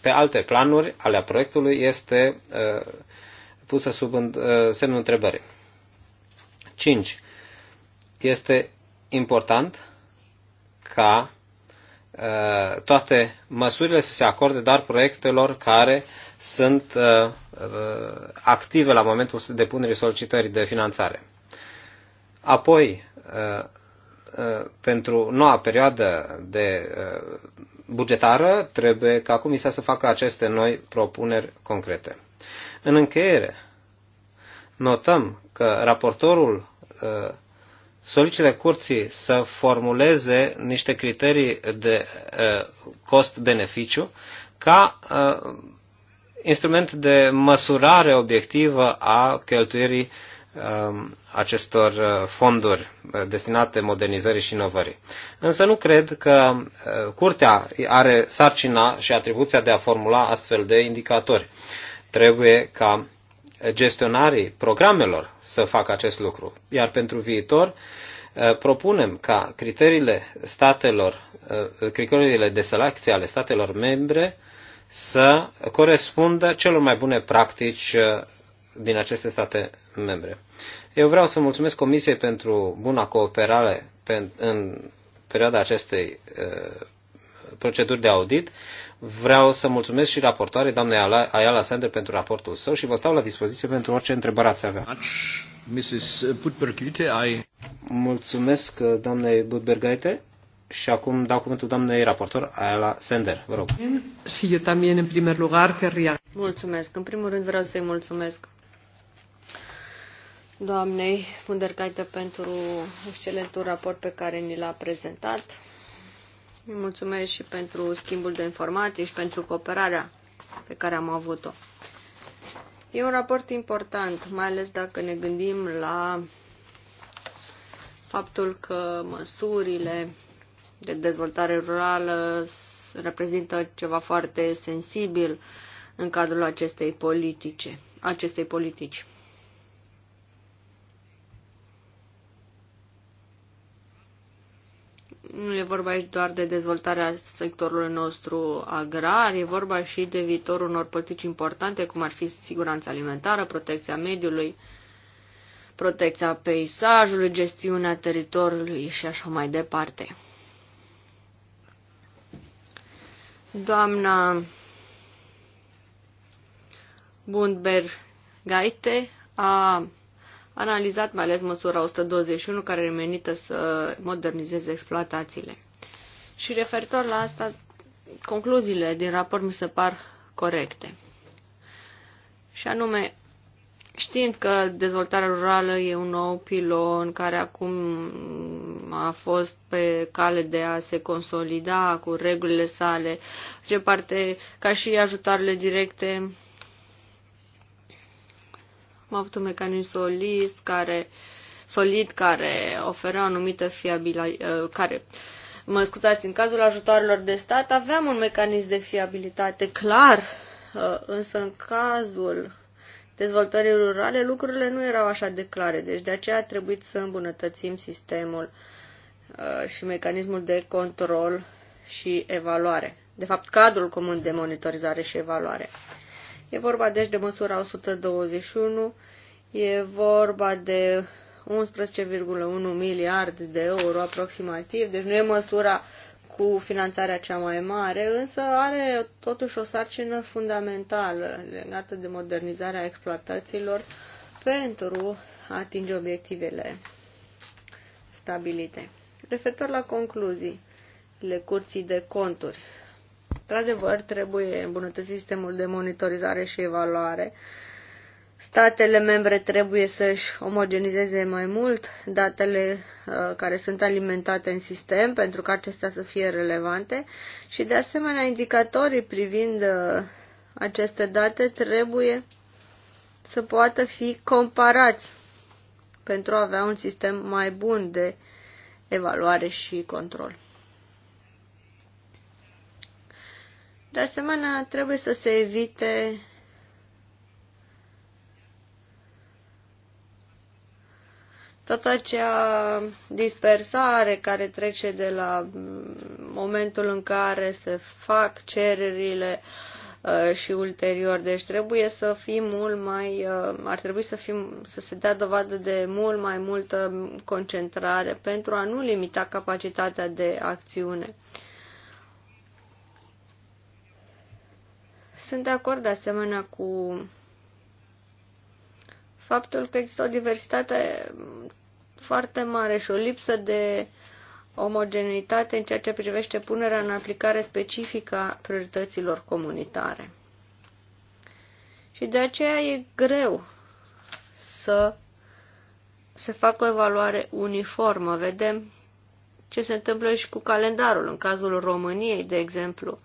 pe alte planuri ale proiectului este pusă sub semnul întrebării. 5. Este important ca uh, toate măsurile să se acorde doar proiectelor care sunt uh, uh, active la momentul depunerii solicitării de finanțare. Apoi, pentru noua perioadă de bugetară, trebuie ca Comisia să facă aceste noi propuneri concrete. În încheiere, notăm că raportorul uh, solicită curții să formuleze niște criterii de uh, cost-beneficiu ca uh, instrument de măsurare obiectivă a cheltuirii um, acestor fonduri destinate modernizării și inovării. Însă nu cred că curtea are sarcina și atribuția de a formula astfel de indicatori. Trebuie ca gestionarii programelor să facă acest lucru. Iar pentru viitor uh, propunem ca criteriile statelor, uh, criteriile de selecție ale statelor membre să corespundă celor mai bune practici uh, din aceste state membre. Eu vreau să mulțumesc Comisiei pentru buna cooperare în perioada acestei proceduri de audit, Vreau să mulțumesc și raportoare, doamne Ayala Sander, pentru raportul său și vă stau la dispoziție pentru orice întrebare ați avea. Mulțumesc, doamne Budbergaite. Și acum dau cuvântul doamnei raportor Ayala Sender. Vă rog. în Mulțumesc. În primul rând vreau să-i mulțumesc doamnei Fundercaite pentru excelentul raport pe care ni l-a prezentat. Îi mulțumesc și pentru schimbul de informații și pentru cooperarea pe care am avut-o. E un raport important, mai ales dacă ne gândim la faptul că măsurile de dezvoltare rurală reprezintă ceva foarte sensibil în cadrul acestei politice, acestei politici. nu e vorba aici doar de dezvoltarea sectorului nostru agrar, e vorba și de viitorul unor politici importante, cum ar fi siguranța alimentară, protecția mediului, protecția peisajului, gestiunea teritoriului și așa mai departe. Doamna Bundberg Gaite a analizat mai ales măsura 121 care e menită să modernizeze exploatațiile. Și referitor la asta, concluziile din raport mi se par corecte. Și anume, știind că dezvoltarea rurală e un nou pilon care acum a fost pe cale de a se consolida cu regulile sale, ce parte ca și ajutoarele directe am avut un mecanism solist care, solid care oferea anumită fiabilitate, uh, care mă scuzați, în cazul ajutoarelor de stat aveam un mecanism de fiabilitate clar, uh, însă în cazul dezvoltării rurale lucrurile nu erau așa de clare, deci de aceea a trebuit să îmbunătățim sistemul uh, și mecanismul de control și evaluare. De fapt, cadrul comun de monitorizare și evaluare. E vorba deci de măsura 121, e vorba de 11,1 miliarde de euro aproximativ, deci nu e măsura cu finanțarea cea mai mare, însă are totuși o sarcină fundamentală legată de modernizarea exploatațiilor pentru a atinge obiectivele stabilite. Referitor la concluziile curții de conturi, Într-adevăr, trebuie îmbunătățit sistemul de monitorizare și evaluare. Statele membre trebuie să-și omogenizeze mai mult datele uh, care sunt alimentate în sistem pentru ca acestea să fie relevante și, de asemenea, indicatorii privind uh, aceste date trebuie să poată fi comparați pentru a avea un sistem mai bun de evaluare și control. De asemenea, trebuie să se evite toată acea dispersare care trece de la mm, momentul în care se fac cererile uh, și ulterior. Deci trebuie să fim mult mai, uh, ar trebui să fim, să se dea dovadă de mult mai multă concentrare pentru a nu limita capacitatea de acțiune. Sunt de acord de asemenea cu faptul că există o diversitate foarte mare și o lipsă de omogeneitate în ceea ce privește punerea în aplicare specifică a priorităților comunitare. Și de aceea e greu să se facă o evaluare uniformă. Vedem ce se întâmplă și cu calendarul. În cazul României, de exemplu,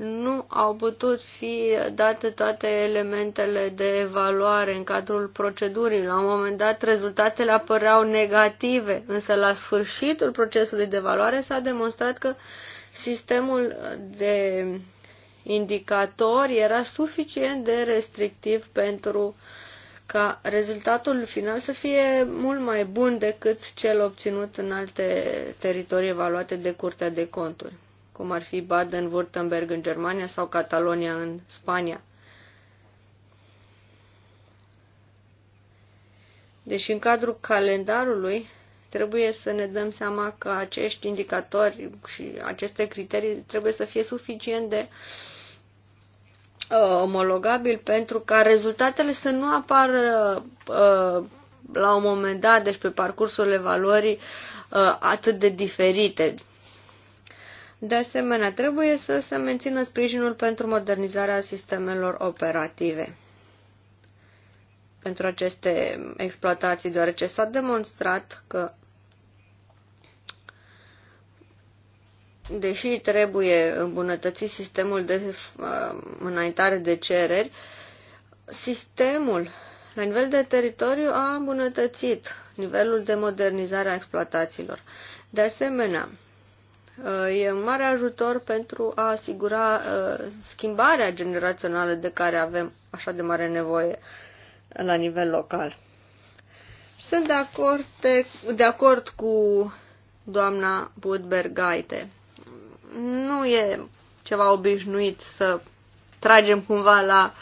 nu au putut fi date toate elementele de evaluare în cadrul procedurii. La un moment dat rezultatele apăreau negative, însă la sfârșitul procesului de evaluare s-a demonstrat că sistemul de indicatori era suficient de restrictiv pentru ca rezultatul final să fie mult mai bun decât cel obținut în alte teritorii evaluate de Curtea de Conturi cum ar fi Baden-Württemberg în Germania sau Catalonia în Spania. Deci în cadrul calendarului trebuie să ne dăm seama că acești indicatori și aceste criterii trebuie să fie suficient de uh, omologabil pentru ca rezultatele să nu apară uh, la un moment dat, deci pe parcursul evaluării, uh, atât de diferite de asemenea, trebuie să se mențină sprijinul pentru modernizarea sistemelor operative pentru aceste exploatații, deoarece s-a demonstrat că deși trebuie îmbunătățit sistemul de uh, înaintare de cereri, sistemul la nivel de teritoriu a îmbunătățit nivelul de modernizare a exploatațiilor. De asemenea, Uh, e un mare ajutor pentru a asigura uh, schimbarea generațională de care avem așa de mare nevoie la nivel local. Sunt de acord, de, de acord cu doamna Budbergaite. Nu e ceva obișnuit să tragem cumva la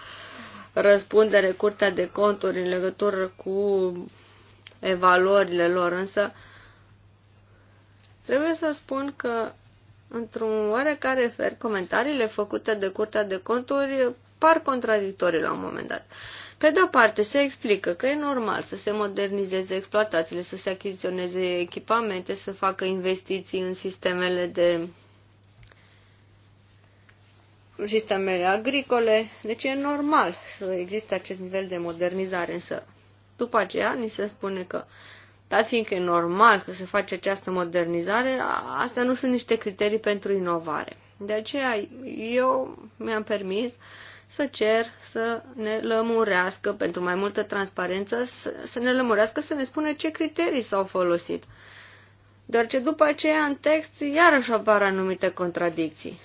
răspundere curtea de conturi în legătură cu evaluările lor, însă uh, Trebuie să spun că, într-un oarecare fel, comentariile făcute de Curtea de Conturi par contradictorii la un moment dat. Pe de-o parte, se explică că e normal să se modernizeze exploatațiile, să se achiziționeze echipamente, să facă investiții în sistemele de sistemele agricole, deci e normal să existe acest nivel de modernizare, însă după aceea ni se spune că dar fiindcă e normal că se face această modernizare, astea nu sunt niște criterii pentru inovare. De aceea eu mi-am permis să cer să ne lămurească pentru mai multă transparență, să, ne lămurească să ne spună ce criterii s-au folosit. Doar ce după aceea în text iarăși apar anumite contradicții.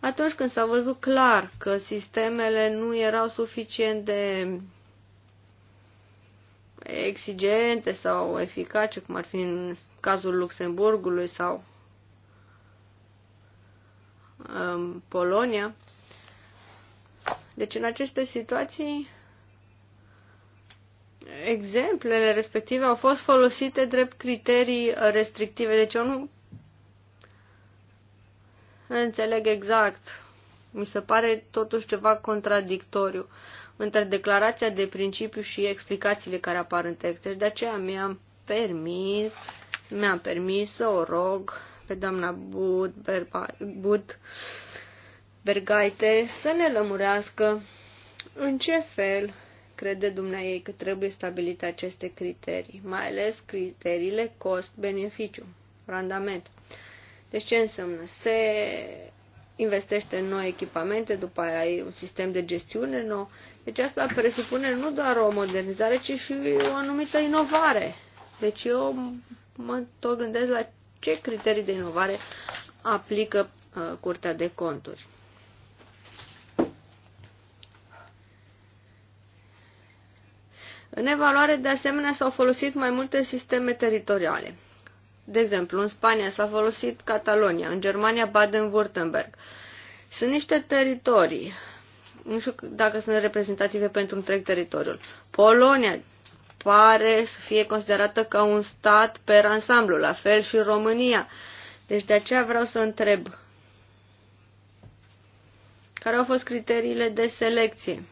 Atunci când s-a văzut clar că sistemele nu erau suficient de exigente sau eficace, cum ar fi în cazul Luxemburgului sau um, Polonia. Deci în aceste situații exemplele respective au fost folosite drept criterii restrictive. Deci eu nu înțeleg exact. Mi se pare totuși ceva contradictoriu între declarația de principiu și explicațiile care apar în text. Deci de aceea mi-am permis, mi-am permis să o rog pe doamna Bud, Berba, Bud Bergaite să ne lămurească în ce fel crede dumneai că trebuie stabilite aceste criterii, mai ales criteriile cost-beneficiu, randament. Deci ce înseamnă? Se investește în noi echipamente, după aia ai un sistem de gestiune nou. Deci asta presupune nu doar o modernizare, ci și o anumită inovare. Deci eu mă tot gândesc la ce criterii de inovare aplică uh, Curtea de Conturi. În evaluare, de asemenea, s-au folosit mai multe sisteme teritoriale. De exemplu, în Spania s-a folosit Catalonia, în Germania Baden-Württemberg. Sunt niște teritorii, nu știu dacă sunt reprezentative pentru întreg teritoriul. Polonia pare să fie considerată ca un stat per ansamblu, la fel și România. Deci de aceea vreau să întreb care au fost criteriile de selecție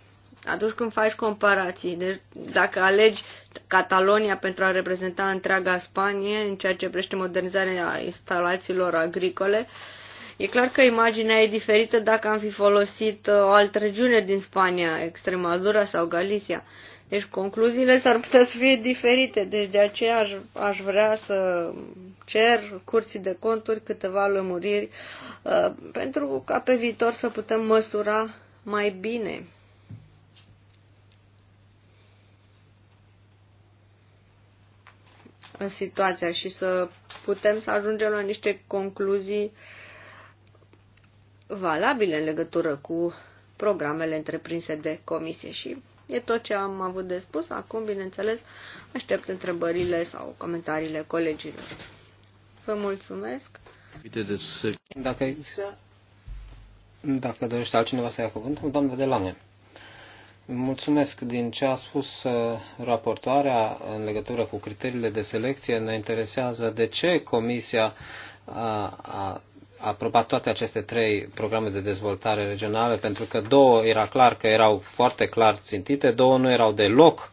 atunci când faci comparații. Deci dacă alegi Catalonia pentru a reprezenta întreaga Spanie în ceea ce privește modernizarea instalațiilor agricole, e clar că imaginea e diferită dacă am fi folosit uh, o altă regiune din Spania, Extremadura sau Galicia. Deci concluziile s-ar putea să fie diferite, deci de aceea aș, aș vrea să cer curții de conturi câteva lămuriri uh, pentru ca pe viitor să putem măsura mai bine situația și să putem să ajungem la niște concluzii valabile în legătură cu programele întreprinse de comisie și e tot ce am avut de spus. Acum, bineînțeles, aștept întrebările sau comentariile colegilor. Vă mulțumesc! Dacă, dacă dorește altcineva să ia cuvântul, doamna de Lange. Mulțumesc. Din ce a spus uh, raportoarea în legătură cu criteriile de selecție, ne interesează de ce Comisia a, a aprobat toate aceste trei programe de dezvoltare regionale, pentru că două era clar că erau foarte clar țintite, două nu erau deloc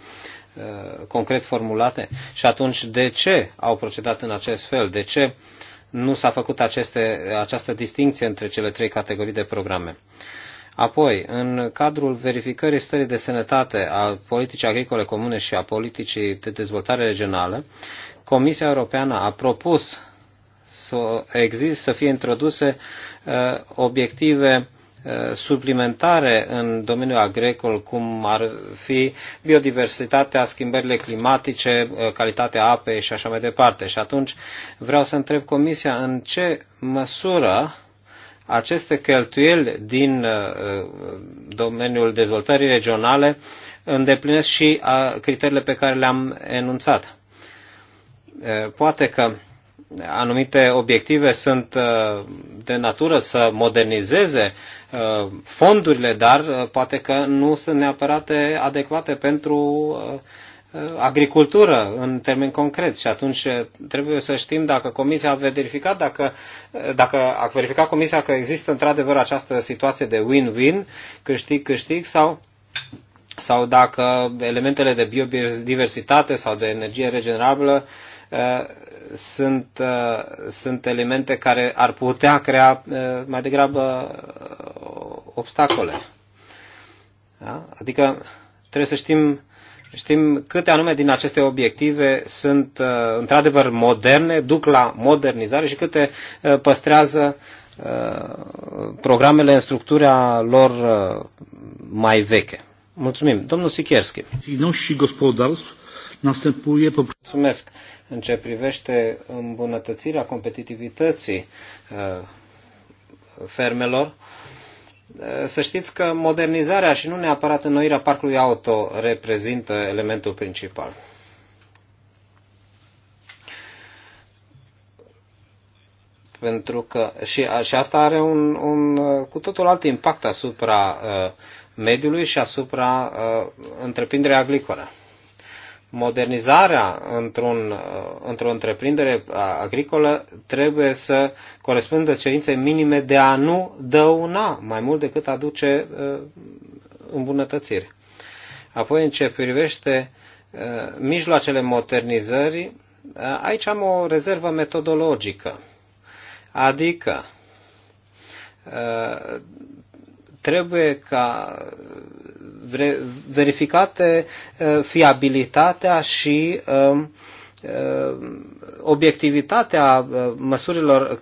uh, concret formulate și atunci de ce au procedat în acest fel? De ce nu s-a făcut aceste, această distinție între cele trei categorii de programe? Apoi, în cadrul verificării stării de sănătate a politicii agricole comune și a politicii de dezvoltare regională, Comisia Europeană a propus să, exist, să fie introduse uh, obiective uh, suplimentare în domeniul agricol, cum ar fi biodiversitatea, schimbările climatice, uh, calitatea apei și așa mai departe. Și atunci vreau să întreb Comisia în ce măsură aceste cheltuieli din uh, domeniul dezvoltării regionale îndeplinesc și uh, criteriile pe care le-am enunțat. Uh, poate că anumite obiective sunt de natură să modernizeze fondurile, dar poate că nu sunt neapărat adecvate pentru Uh, agricultură în termeni concreți și atunci uh, trebuie să știm dacă comisia a verificat, dacă, uh, dacă a verificat comisia că există într-adevăr această situație de win-win, câștig-câștig sau sau dacă elementele de biodiversitate sau de energie regenerabilă uh, sunt, uh, sunt elemente care ar putea crea uh, mai degrabă obstacole. Da? Adică trebuie să știm Știm câte anume din aceste obiective sunt uh, într-adevăr moderne, duc la modernizare și câte uh, păstrează uh, programele în structura lor mai veche. Mulțumim. Domnul Sikierski. Mulțumesc. În ce privește îmbunătățirea competitivității fermelor, să știți că modernizarea și nu neapărat înnoirea parcului auto reprezintă elementul principal. Pentru că și, și asta are un, un cu totul alt impact asupra uh, mediului și asupra uh, întreprinderii agricolă modernizarea într-un, uh, într-o întreprindere agricolă trebuie să corespundă cerinței minime de a nu dăuna mai mult decât aduce uh, îmbunătățiri. Apoi, în ce privește uh, mijloacele modernizării, aici am o rezervă metodologică. Adică, trebuie ca verificate uh, fiabilitatea și um, uh, obiectivitatea uh, măsurilor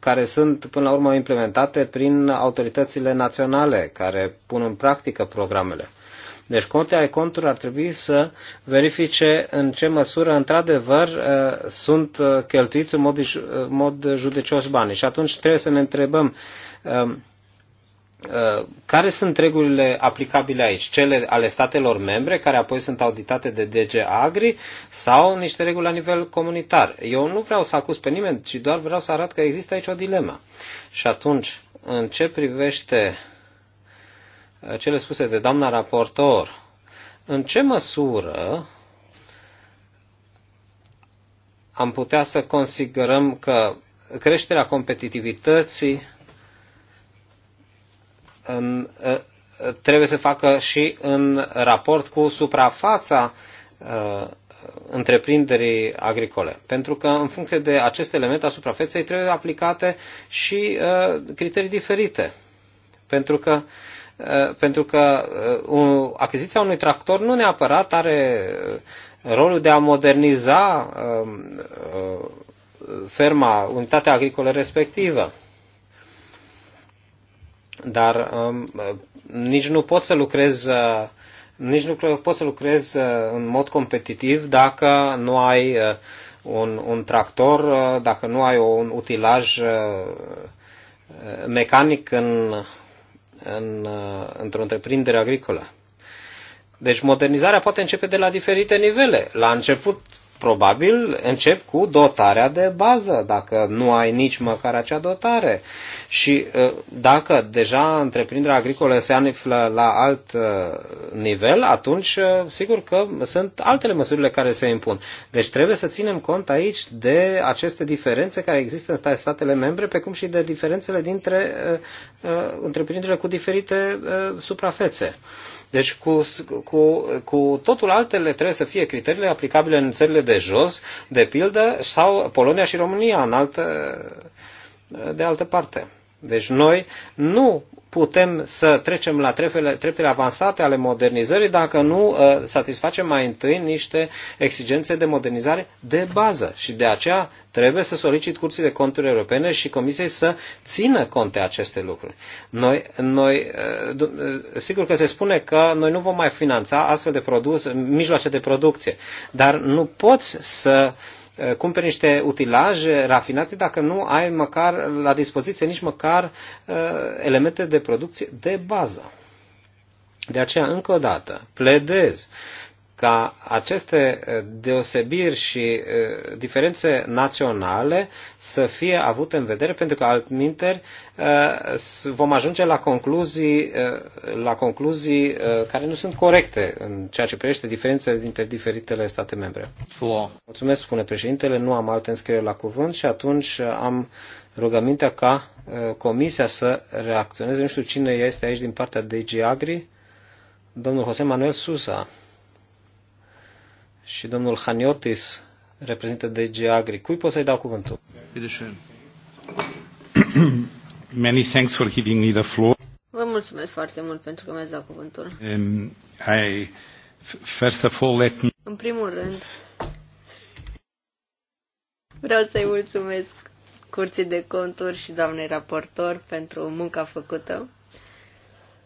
care sunt până la urmă implementate prin autoritățile naționale care pun în practică programele. Deci Curtea de Conturi ar trebui să verifice în ce măsură într-adevăr sunt cheltuiți în mod, mod judecios banii. Și atunci trebuie să ne întrebăm um, Uh, care sunt regulile aplicabile aici? Cele ale statelor membre, care apoi sunt auditate de DG Agri, sau niște reguli la nivel comunitar? Eu nu vreau să acuz pe nimeni, ci doar vreau să arăt că există aici o dilemă. Și atunci, în ce privește uh, cele spuse de doamna raportor, în ce măsură am putea să considerăm că creșterea competitivității în, trebuie să facă și în raport cu suprafața întreprinderii agricole. Pentru că în funcție de acest element a suprafeței trebuie aplicate și criterii diferite. Pentru că, pentru că achiziția unui tractor nu neapărat are rolul de a moderniza ferma, unitatea agricolă respectivă dar nici nu pot să lucrez nici nu poți să lucrezi uh, uh, în mod competitiv dacă nu ai uh, un, un tractor, dacă nu ai un utilaj mecanic în, în, într-o întreprindere agricolă. Deci modernizarea poate începe de la diferite nivele. La început probabil încep cu dotarea de bază, dacă nu ai nici măcar acea dotare. Și ă, dacă deja întreprinderea agricolă se află la alt ă, nivel, atunci ă, sigur că sunt altele măsurile care se impun. Deci trebuie să ținem cont aici de aceste diferențe care există în statele membre, precum și de diferențele dintre întreprinderile cu diferite suprafețe. Deci cu, cu, cu totul altele trebuie să fie criteriile aplicabile în țările de jos, de pildă, sau Polonia și România în altă, de altă parte. Deci noi nu putem să trecem la treptele, treptele avansate ale modernizării dacă nu uh, satisfacem mai întâi niște exigențe de modernizare de bază. Și de aceea trebuie să solicit Curții de Conturi Europene și Comisiei să țină cont de aceste lucruri. Noi, noi, uh, uh, sigur că se spune că noi nu vom mai finanța astfel de produs, mijloace de producție, dar nu poți să uh, Eh, cumperi niște utilaje rafinate dacă nu ai măcar la dispoziție nici măcar eh, elemente de producție de bază. De aceea, încă o dată, pledez ca aceste eh, deosebiri și eh, diferențe naționale să fie avute în vedere, pentru că altminteri eh, vom ajunge la concluzii, la concluzii care nu sunt corecte în ceea ce privește diferențele dintre diferitele state membre. Wow. Mulțumesc, spune președintele, nu am alte înscrieri la cuvânt și atunci am rugămintea ca comisia să reacționeze. Nu știu cine este aici din partea DG Agri. Domnul José Manuel Susa și domnul Haniotis reprezintă DG Agri. Cui pot să-i dau cuvântul? Many thanks for giving me the floor. Vă mulțumesc foarte mult pentru că mi-ați dat cuvântul. Um, I, first of all, let me... În primul rând, vreau să-i mulțumesc Curții de Conturi și doamnei raportor pentru munca făcută.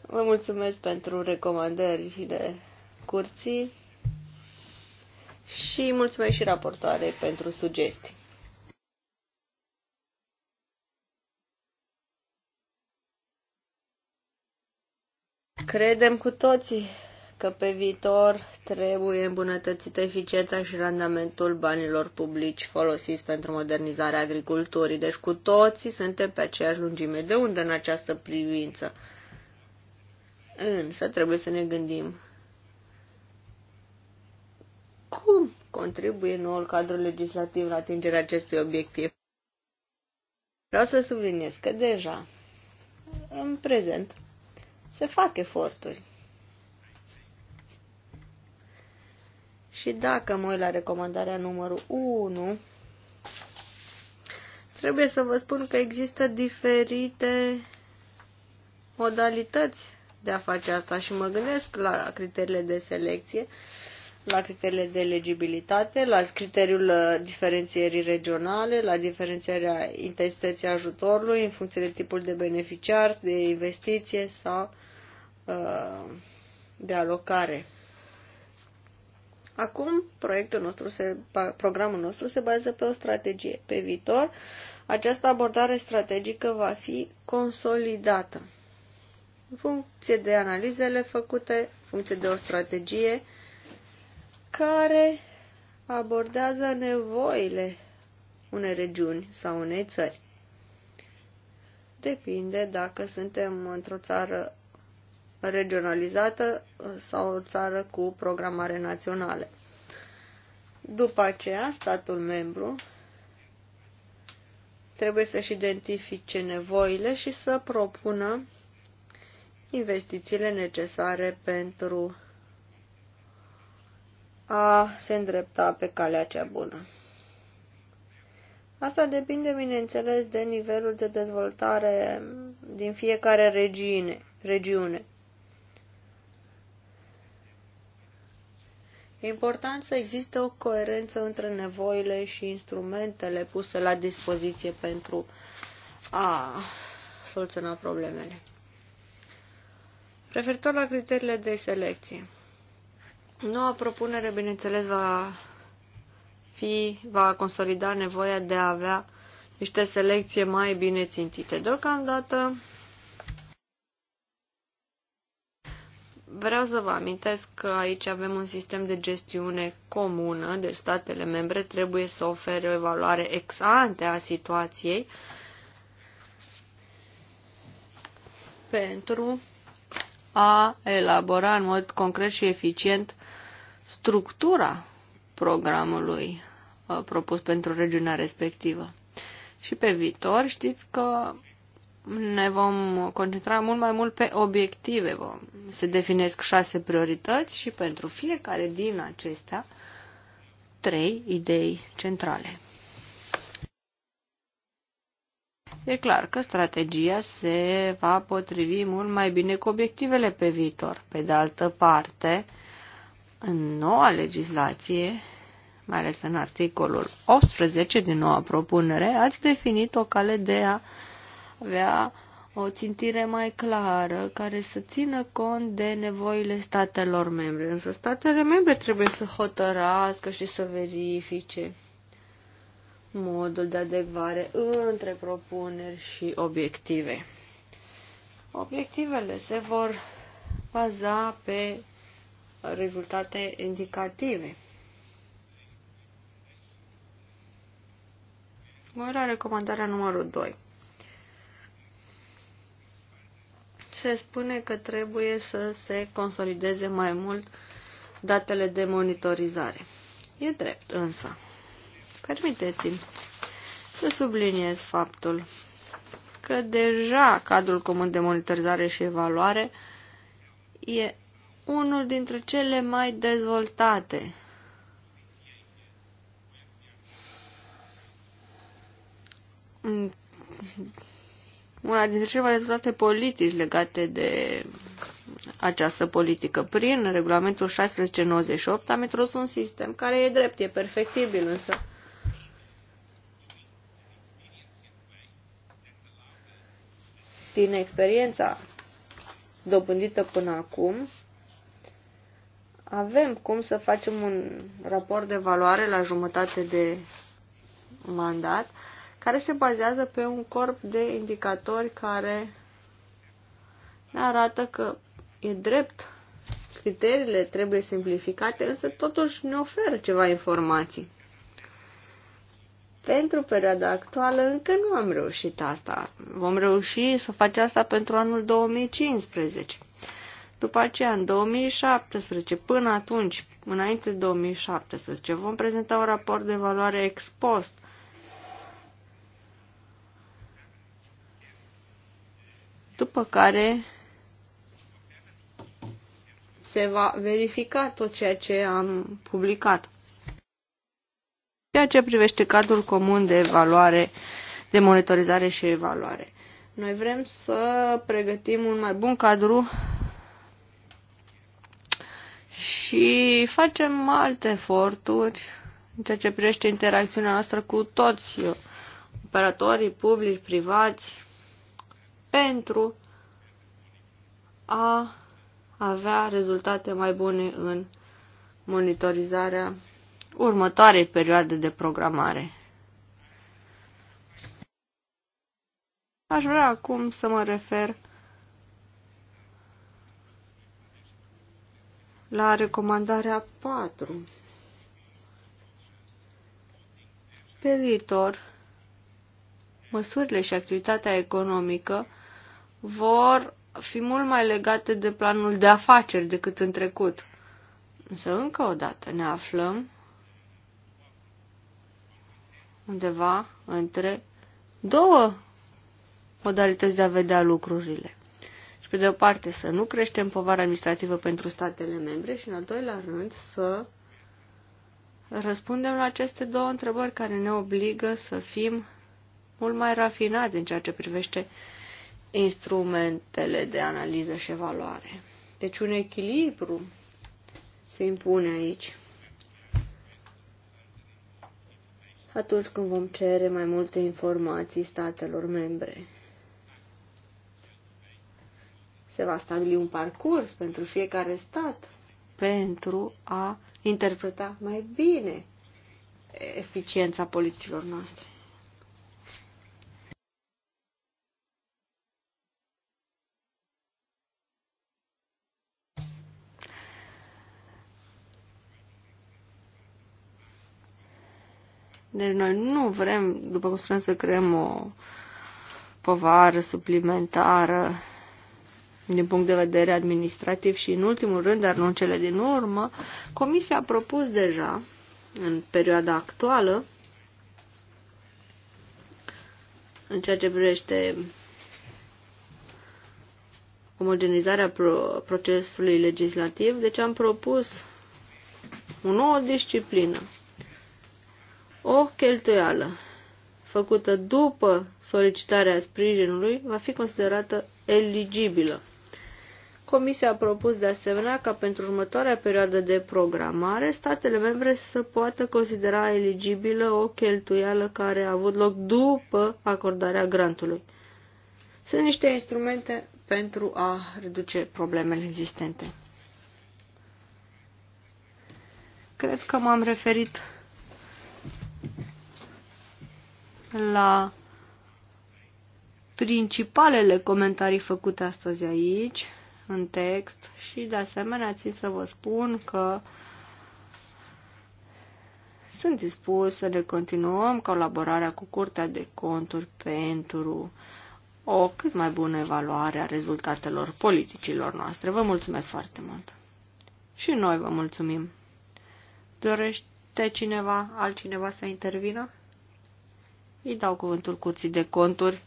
Vă mulțumesc pentru recomandările Curții și mulțumesc și raportoare pentru sugestii. Credem cu toții că pe viitor trebuie îmbunătățită eficiența și randamentul banilor publici folosiți pentru modernizarea agriculturii. Deci cu toții suntem pe aceeași lungime de undă în această privință. Însă trebuie să ne gândim cum contribuie noul cadru legislativ la atingerea acestui obiectiv. Vreau să subliniez că deja, în prezent, se fac eforturi. Și dacă mă uit la recomandarea numărul 1, trebuie să vă spun că există diferite modalități de a face asta și mă gândesc la criteriile de selecție la criteriile de eligibilitate, la criteriul uh, diferențierii regionale, la diferențierea intensității ajutorului în funcție de tipul de beneficiar, de investiție sau uh, de alocare. Acum, proiectul nostru se, programul nostru se bazează pe o strategie. Pe viitor, această abordare strategică va fi consolidată în funcție de analizele făcute, în funcție de o strategie care abordează nevoile unei regiuni sau unei țări. Depinde dacă suntem într-o țară regionalizată sau o țară cu programare națională. După aceea, statul membru trebuie să-și identifice nevoile și să propună investițiile necesare pentru a se îndrepta pe calea cea bună. Asta depinde, bineînțeles, de nivelul de dezvoltare din fiecare regine, regiune. E important să existe o coerență între nevoile și instrumentele puse la dispoziție pentru a soluționa problemele. Referitor la criteriile de selecție. Noua propunere, bineînțeles, va fi, va consolida nevoia de a avea niște selecție mai bine țintite. Deocamdată vreau să vă amintesc că aici avem un sistem de gestiune comună, De deci statele membre trebuie să ofere o evaluare ex ante a situației pentru a elabora în mod concret și eficient structura programului uh, propus pentru regiunea respectivă. Și pe viitor știți că ne vom concentra mult mai mult pe obiective. Se definesc șase priorități și pentru fiecare din acestea trei idei centrale. E clar că strategia se va potrivi mult mai bine cu obiectivele pe viitor. Pe de altă parte, în noua legislație, mai ales în articolul 18 din noua propunere, ați definit o cale de a avea o țintire mai clară care să țină cont de nevoile statelor membre. Însă statele membre trebuie să hotărască și să verifice modul de adecvare între propuneri și obiective. Obiectivele se vor baza pe rezultate indicative. Mă era recomandarea numărul 2. Se spune că trebuie să se consolideze mai mult datele de monitorizare. E drept, însă. Permiteți-mi să subliniez faptul că deja cadrul comun de monitorizare și evaluare e unul dintre cele mai dezvoltate. Una dintre cele mai dezvoltate politici legate de această politică. Prin regulamentul 1698 am introdus un sistem care e drept, e perfectibil, însă din experiența dobândită până acum, avem cum să facem un raport de valoare la jumătate de mandat care se bazează pe un corp de indicatori care ne arată că e drept, criteriile trebuie simplificate, însă totuși ne oferă ceva informații. Pentru perioada actuală încă nu am reușit asta. Vom reuși să facem asta pentru anul 2015. După aceea, în 2017, până atunci, înainte de 2017, vom prezenta un raport de valoare ex post după care se va verifica tot ceea ce am publicat. Ceea ce privește cadrul comun de evaluare, de monitorizare și evaluare. Noi vrem să pregătim un mai bun cadru și facem alte eforturi în ceea ce privește interacțiunea noastră cu toți operatorii publici, privați, pentru a avea rezultate mai bune în monitorizarea următoarei perioade de programare. Aș vrea acum să mă refer la recomandarea 4. Pe viitor, măsurile și activitatea economică vor fi mult mai legate de planul de afaceri decât în trecut. Însă încă o dată ne aflăm undeva între două modalități de a vedea lucrurile pe de o parte să nu creștem povara administrativă pentru statele membre și în al doilea rând să răspundem la aceste două întrebări care ne obligă să fim mult mai rafinați în ceea ce privește instrumentele de analiză și evaluare. Deci un echilibru se impune aici. Atunci când vom cere mai multe informații statelor membre se va stabili un parcurs pentru fiecare stat pentru a interpreta mai bine eficiența politicilor noastre. Deci noi nu vrem, după cum spuneam, să creăm o povară suplimentară din punct de vedere administrativ și, în ultimul rând, dar nu în cele din urmă, Comisia a propus deja, în perioada actuală, în ceea ce privește omogenizarea procesului legislativ, deci am propus o nouă disciplină, o cheltuială făcută după solicitarea sprijinului va fi considerată eligibilă. Comisia a propus de asemenea ca pentru următoarea perioadă de programare statele membre să poată considera eligibilă o cheltuială care a avut loc după acordarea grantului. Sunt niște instrumente pentru a reduce problemele existente. Cred că m-am referit la principalele comentarii făcute astăzi aici în text și, de asemenea, țin să vă spun că sunt dispus să ne continuăm colaborarea cu Curtea de Conturi pentru o cât mai bună evaluare a rezultatelor politicilor noastre. Vă mulțumesc foarte mult! Și noi vă mulțumim! Dorește cineva, altcineva să intervină? Îi dau cuvântul curții de conturi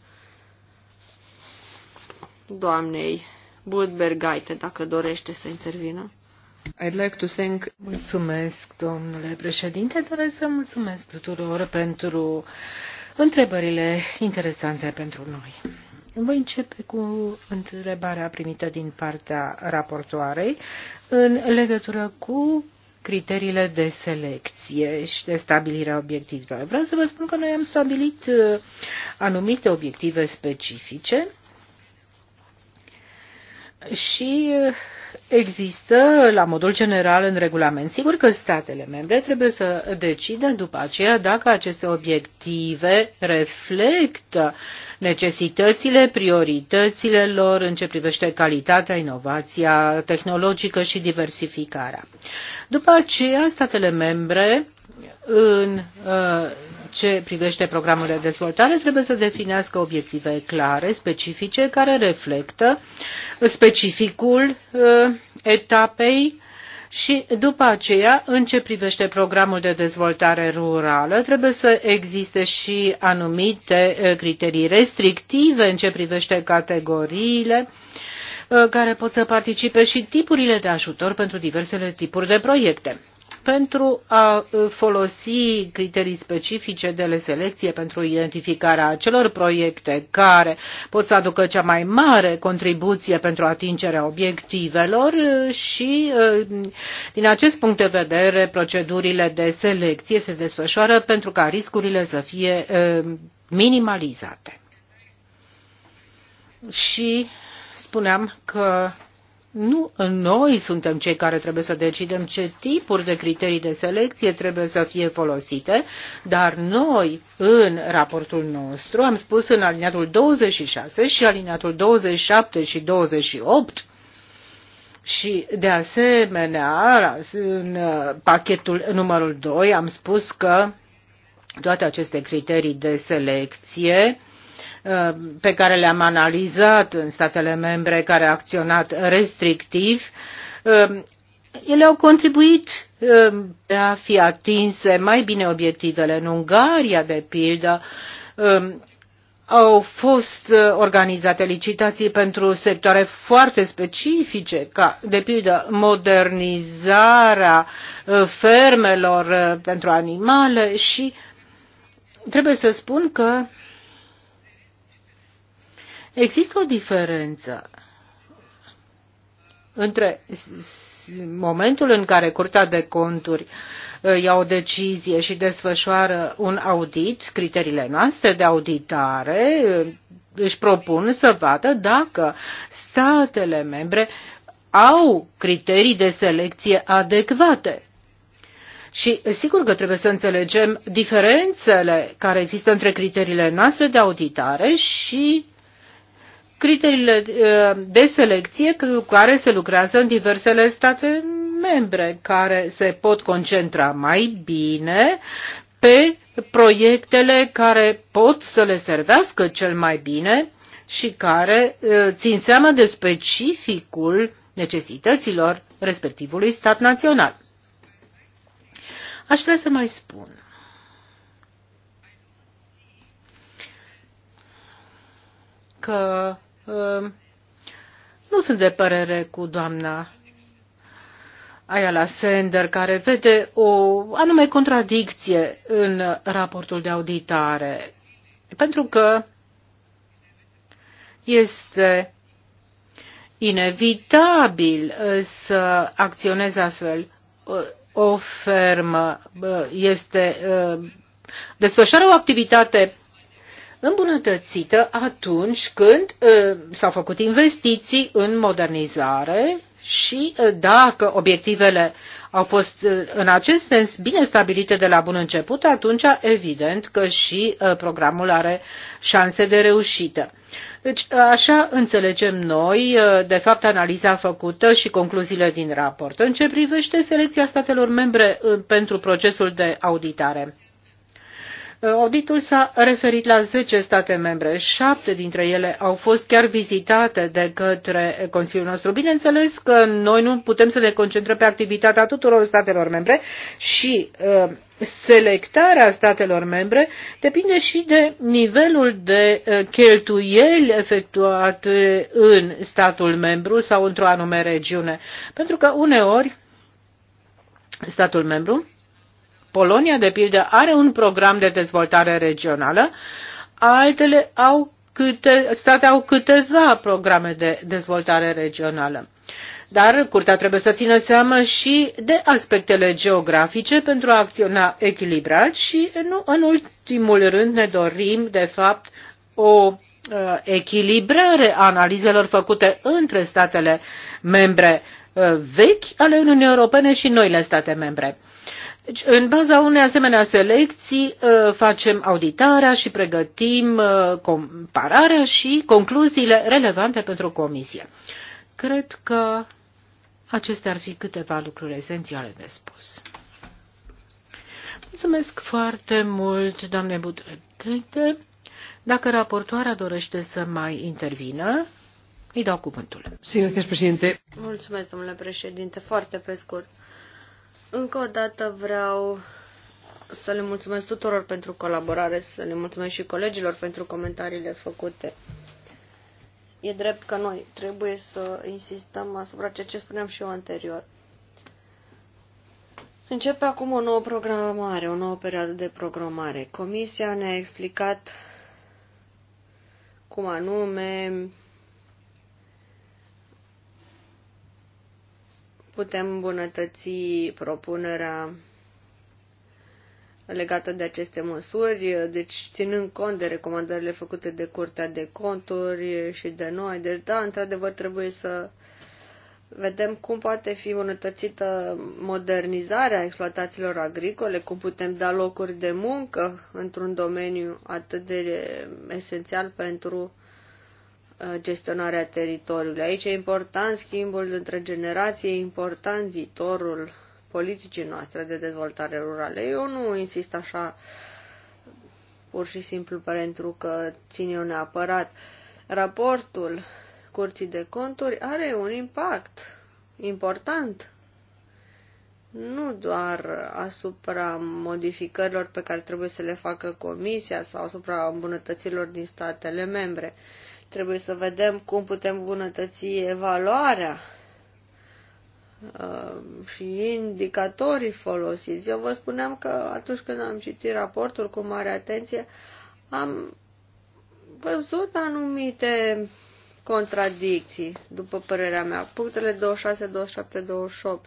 doamnei Budbergaite, dacă dorește să intervină. I'd like to thank... Mulțumesc, domnule președinte. Doresc să mulțumesc tuturor pentru întrebările interesante pentru noi. Voi începe cu întrebarea primită din partea raportoarei în legătură cu criteriile de selecție și de stabilirea obiectivelor. Vreau să vă spun că noi am stabilit uh, anumite obiective specifice și eh, există la modul general în regulament. Sigur că statele membre trebuie să decidă după aceea dacă aceste obiective reflectă necesitățile, prioritățile lor în ce privește calitatea, inovația tehnologică și diversificarea. După aceea, statele membre în uh, ce privește programul de dezvoltare, trebuie să definească obiective clare, specifice, care reflectă specificul uh, etapei și după aceea, în ce privește programul de dezvoltare rurală, trebuie să existe și anumite uh, criterii restrictive în ce privește categoriile care pot să participe și tipurile de ajutor pentru diversele tipuri de proiecte pentru a uh, folosi criterii specifice de selecție pentru identificarea acelor proiecte care pot să aducă cea mai mare contribuție pentru atingerea obiectivelor uh, și, uh, din acest punct de vedere, procedurile de selecție se desfășoară pentru ca riscurile să fie minimalizate. Și spuneam că nu noi suntem cei care trebuie să decidem ce tipuri de criterii de selecție trebuie să fie folosite, dar noi, în raportul nostru, am spus în alineatul 26 și alineatul 27 și 28, și, de asemenea, în uh, pachetul numărul 2 am spus că toate aceste criterii de selecție Uh, pe care le-am analizat în statele membre care au acționat restrictiv, uh, ele au contribuit uh, a fi atinse mai bine obiectivele. În Ungaria, de pildă, au fost organizate licitații pentru sectoare foarte specifice, ca de pildă modernizarea fermelor pentru animale și trebuie să spun că Există o diferență între momentul în care Curtea de Conturi uh, ia o decizie și desfășoară un audit, criteriile noastre de auditare uh, își propun să vadă dacă statele membre au criterii de selecție adecvate. Și uh, sigur că trebuie să înțelegem diferențele care există între criteriile noastre de auditare și criteriile uh, de selecție cu care se lucrează în diversele state membre, care se pot concentra mai bine pe proiectele care pot să le servească cel mai bine și care uh, țin seama de specificul necesităților respectivului stat național. Aș vrea să mai spun. că Ehm, nu sunt de părere cu doamna Ayala Sender, care vede o anume contradicție în raportul de auditare, pentru că este inevitabil eh, să acționeze astfel. Eh, o fermă eh, este desfășoară o activitate îmbunătățită atunci când uh, s-au făcut investiții în modernizare și uh, dacă obiectivele au fost uh, în acest sens bine stabilite de la bun început, atunci evident că și programul are șanse de reușită. Deci așa înțelegem noi, de fapt, analiza făcută și concluziile din raport. În ce privește selecția statelor membre pentru procesul de auditare? Uh, auditul s-a referit la 10 state membre, șapte dintre ele au fost chiar vizitate de către Consiliul nostru. Bineînțeles că noi nu putem să ne concentrăm pe activitatea tuturor statelor membre și uh, selectarea statelor membre depinde și de nivelul de uh, cheltuieli efectuate în statul membru sau într-o anume regiune. Pentru că uneori statul membru Polonia, de pildă, are un program de dezvoltare regională, altele au câte, state au câteva programe de dezvoltare regională. Dar curtea trebuie să țină seama și de aspectele geografice pentru a acționa echilibrat și, nu, în ultimul rând, ne dorim, de fapt, o uh, echilibrare a analizelor făcute între statele membre uh, vechi ale Uniunii Europene și noile state membre. Deci, în baza unei asemenea selecții uh, facem auditarea și pregătim uh, compararea și concluziile relevante pentru comisie. Cred că acestea ar fi câteva lucruri esențiale de spus. Mulțumesc foarte mult, doamne Butrete. Dacă raportoarea dorește să mai intervină, îi dau cuvântul. Mulțumesc, domnule președinte. Foarte pe scurt. Încă o dată vreau să le mulțumesc tuturor pentru colaborare, să le mulțumesc și colegilor pentru comentariile făcute. E drept că noi trebuie să insistăm asupra ceea ce spuneam și eu anterior. Începe acum o nouă programare, o nouă perioadă de programare. Comisia ne-a explicat cum anume putem îmbunătăți propunerea legată de aceste măsuri, deci ținând cont de recomandările făcute de Curtea de Conturi și de noi. Deci, da, într-adevăr, trebuie să vedem cum poate fi îmbunătățită modernizarea exploatațiilor agricole, cum putem da locuri de muncă într-un domeniu atât de esențial pentru uh, Uh, gestionarea teritoriului. Aici e important schimbul între generații, e important viitorul politicii noastre de dezvoltare rurală. Eu nu insist așa pur și simplu pentru că țin eu neapărat. Raportul Curții de Conturi are un impact important nu doar asupra modificărilor pe care trebuie să le facă comisia sau asupra îmbunătăților din statele membre. Trebuie să vedem cum putem îmbunătăți evaluarea uh, și indicatorii folosiți. Eu vă spuneam că atunci când am citit raportul cu mare atenție, am văzut anumite contradicții, după părerea mea. Punctele 26, 27, 28.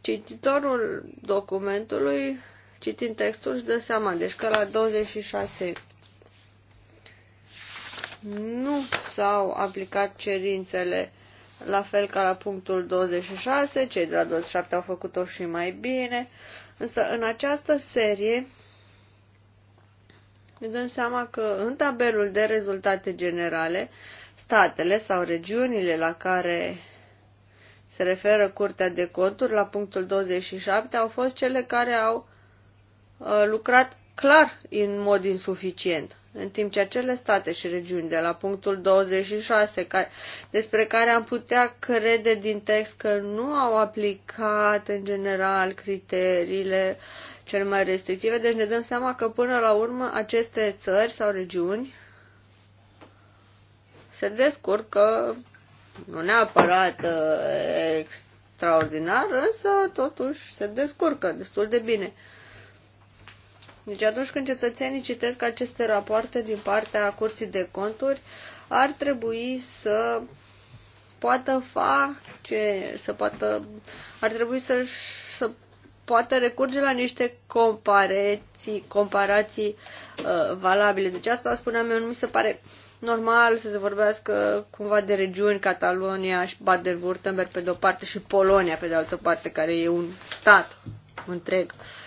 Cititorul documentului, citind textul, își dă seama, deci că la 26 nu s-au aplicat cerințele la fel ca la punctul 26, cei de la 27 au făcut-o și mai bine, însă în această serie ne dăm seama că în tabelul de rezultate generale, statele sau regiunile la care se referă Curtea de Conturi la punctul 27 au fost cele care au uh, lucrat clar în mod insuficient în timp ce acele state și regiuni de la punctul 26, ca, despre care am putea crede din text că nu au aplicat în general criteriile cel mai restrictive, deci ne dăm seama că până la urmă aceste țări sau regiuni se descurcă nu neapărat uh, extraordinar, însă totuși se descurcă destul de bine. Deci atunci când cetățenii citesc aceste rapoarte din partea Curții de Conturi, ar trebui să poată face, să poată, ar trebui să, să poată recurge la niște comparații, comparații uh, valabile. Deci asta spuneam eu, nu mi se pare normal să se vorbească cumva de regiuni, Catalonia și Baden-Württemberg pe de-o parte și Polonia pe de altă parte, care e un stat întreg. Uh,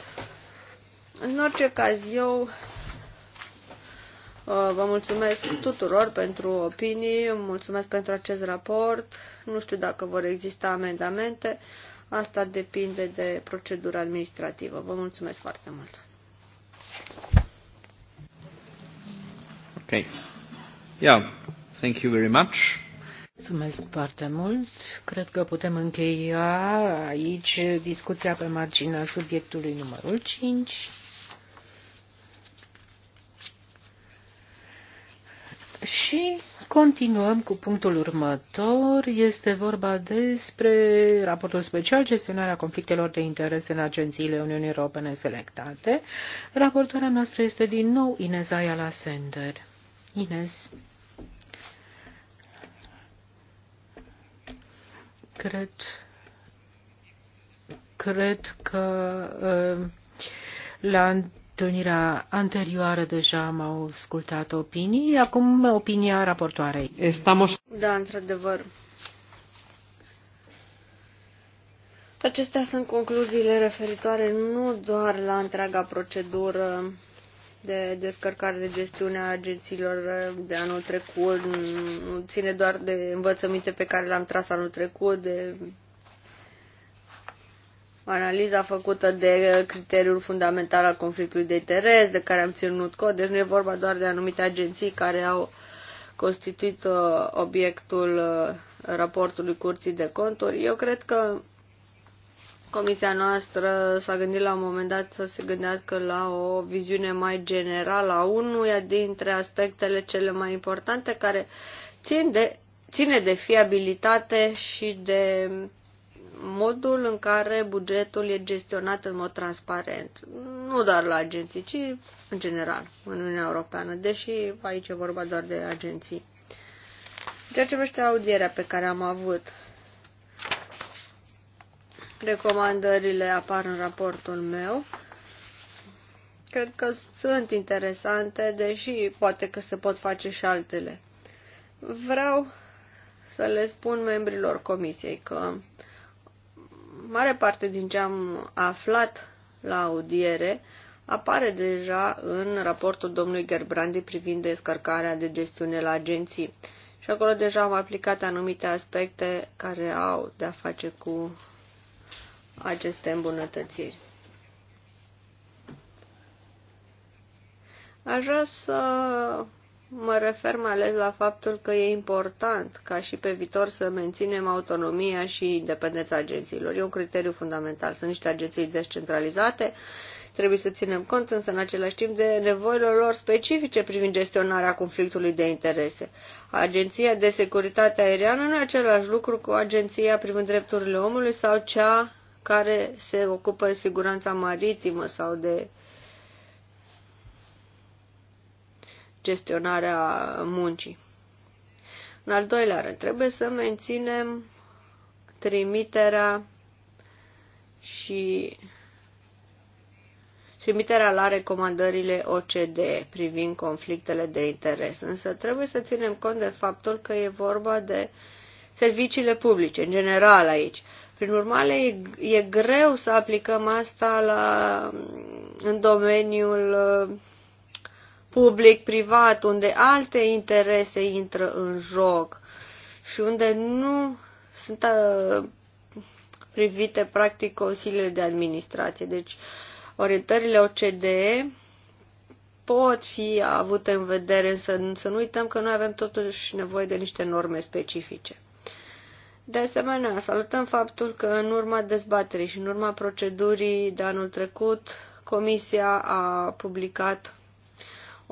în orice caz, eu uh, vă mulțumesc tuturor pentru opinii, mulțumesc pentru acest raport. Nu știu dacă vor exista amendamente, asta depinde de procedura administrativă. Vă mulțumesc foarte mult. Ok. Yeah, thank you very much. Mulțumesc foarte mult. Cred că putem încheia aici discuția pe marginea subiectului numărul 5. Și continuăm cu punctul următor. Este vorba despre raportul special gestionarea conflictelor de interese în agențiile Uniunii Europene selectate. Raportoarea noastră este din nou Inez Ayala Sender. Inez. Cred, cred că uh, la întâlnirea anterioară deja am ascultat opinii, acum opinia raportoarei. Estamos... Da, într-adevăr. Acestea sunt concluziile referitoare nu doar la întreaga procedură de descărcare de gestiune a agențiilor de anul trecut, nu ține doar de învățăminte pe care le-am tras anul trecut, de analiza făcută de criteriul fundamental al conflictului de interes, de care am ținut cod, deci nu e vorba doar de anumite agenții care au constituit uh, obiectul uh, raportului Curții de Conturi. Eu cred că comisia noastră s-a gândit la un moment dat să se gândească la o viziune mai generală a unuia dintre aspectele cele mai importante care țin de, ține de fiabilitate și de modul în care bugetul e gestionat în mod transparent. Nu doar la agenții, ci în general, în Uniunea Europeană, deși aici e vorba doar de agenții. Ceea ce vește audierea pe care am avut, recomandările apar în raportul meu. Cred că sunt interesante, deși poate că se pot face și altele. Vreau să le spun membrilor comisiei că uh, mare parte din ce am aflat la audiere apare deja în raportul domnului Gerbrandi privind descărcarea de gestiune la agenții. Și acolo deja am aplicat anumite aspecte care au de-a face cu aceste îmbunătățiri. Aș vrea să Mă refer mai ales la faptul că e important ca și pe viitor să menținem autonomia și independența agențiilor. E un criteriu fundamental. Sunt niște agenții descentralizate, trebuie să ținem cont însă în același timp de nevoile lor specifice privind gestionarea conflictului de interese. Agenția de securitate aeriană nu e același lucru cu agenția privind drepturile omului sau cea care se ocupă de siguranța maritimă sau de gestionarea muncii. În al doilea rând, trebuie să menținem trimiterea și trimiterea la recomandările OCD privind conflictele de interes. Însă trebuie să ținem cont de faptul că e vorba de serviciile publice, în general aici. Prin urmare, e, e greu să aplicăm asta la, în domeniul uh, public-privat, unde alte interese intră în joc și unde nu sunt uh, privite practic consiliile de administrație. Deci orientările OCDE pot fi avute în vedere, însă să nu uităm că noi avem totuși nevoie de niște norme specifice. De asemenea, salutăm faptul că în urma dezbaterii și în urma procedurii de anul trecut, Comisia a publicat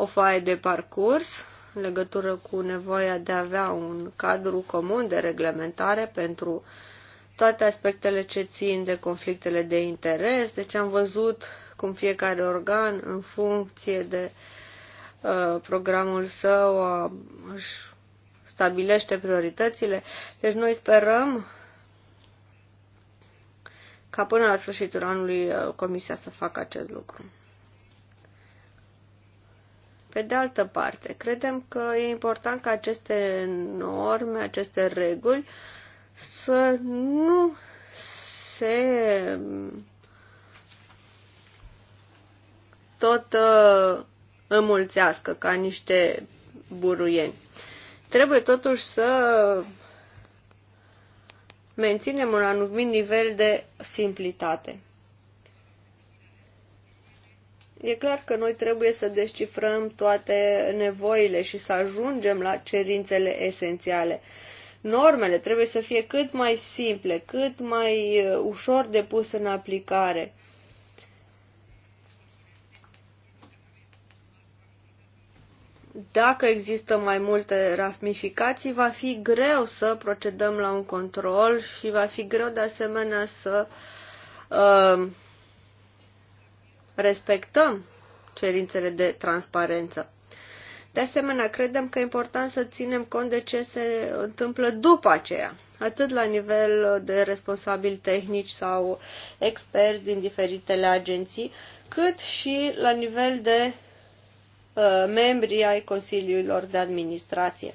o foaie de parcurs în legătură cu nevoia de a avea un cadru comun de reglementare pentru toate aspectele ce țin de conflictele de interes. Deci am văzut cum fiecare organ, în funcție de uh, programul său, uh, își stabilește prioritățile. Deci noi sperăm ca până la sfârșitul anului uh, Comisia să facă acest lucru. Pe de altă parte, credem că e important ca aceste norme, aceste reguli să nu se tot uh, înmulțească ca niște buruieni. Trebuie totuși să menținem un anumit nivel de simplitate. E clar că noi trebuie să descifrăm toate nevoile și să ajungem la cerințele esențiale. Normele trebuie să fie cât mai simple, cât mai uh, ușor de pus în aplicare. Dacă există mai multe ramificații, va fi greu să procedăm la un control și va fi greu de asemenea să uh, respectăm cerințele de transparență. De asemenea, credem că e important să ținem cont de ce se întâmplă după aceea, atât la nivel de responsabili tehnici sau experți din diferitele agenții, cât și la nivel de uh, membri ai Consiliilor de Administrație.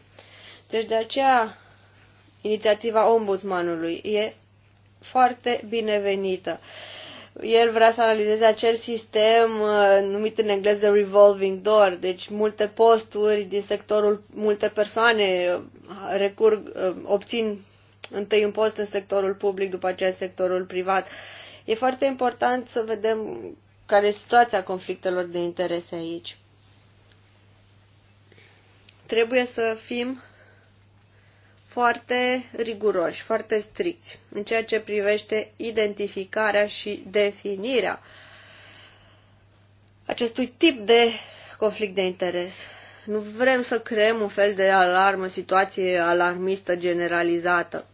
Deci de aceea inițiativa ombudsmanului e foarte binevenită. Uh, el vrea să analizeze acel sistem uh, numit în engleză revolving door, deci multe posturi din sectorul, multe persoane uh, recurg, uh, obțin întâi un post în sectorul public, după aceea în sectorul privat. E foarte important să vedem care e situația conflictelor de interese aici. Trebuie să fim foarte riguroși, foarte stricți în ceea ce privește identificarea și definirea acestui tip de conflict de interes. Nu vrem să creăm un fel de alarmă, situație alarmistă generalizată.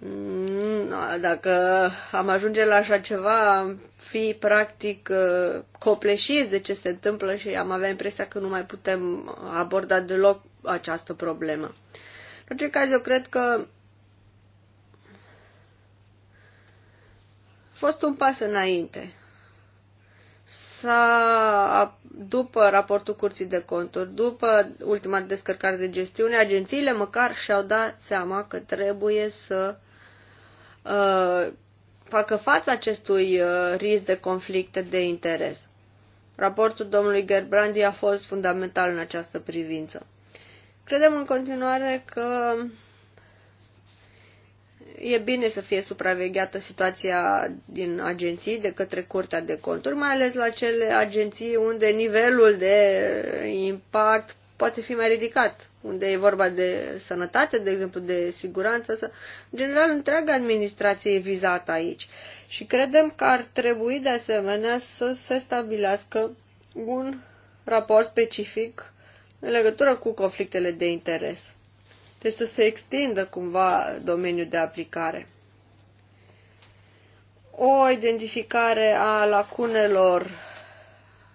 Mm, dacă am ajunge la așa ceva, am fi practic ă, copleșiți de ce se întâmplă și am avea impresia că nu mai putem aborda deloc această problemă în ce caz, eu cred că a fost un pas înainte. S-a, după raportul Curții de Conturi, după ultima descărcare de gestiune, agențiile măcar și-au dat seama că trebuie să uh, facă față acestui uh, risc de conflicte de interes. Raportul domnului Gerbrandi a fost fundamental în această privință. Credem în continuare că e bine să fie supravegheată situația din agenții de către Curtea de Conturi, mai ales la cele agenții unde nivelul de impact poate fi mai ridicat, unde e vorba de sănătate, de exemplu, de siguranță. Să... În general, întreaga administrație e vizată aici și credem că ar trebui de asemenea să se stabilească un raport specific în legătură cu conflictele de interes. Deci să se extindă cumva domeniul de aplicare. O identificare a lacunelor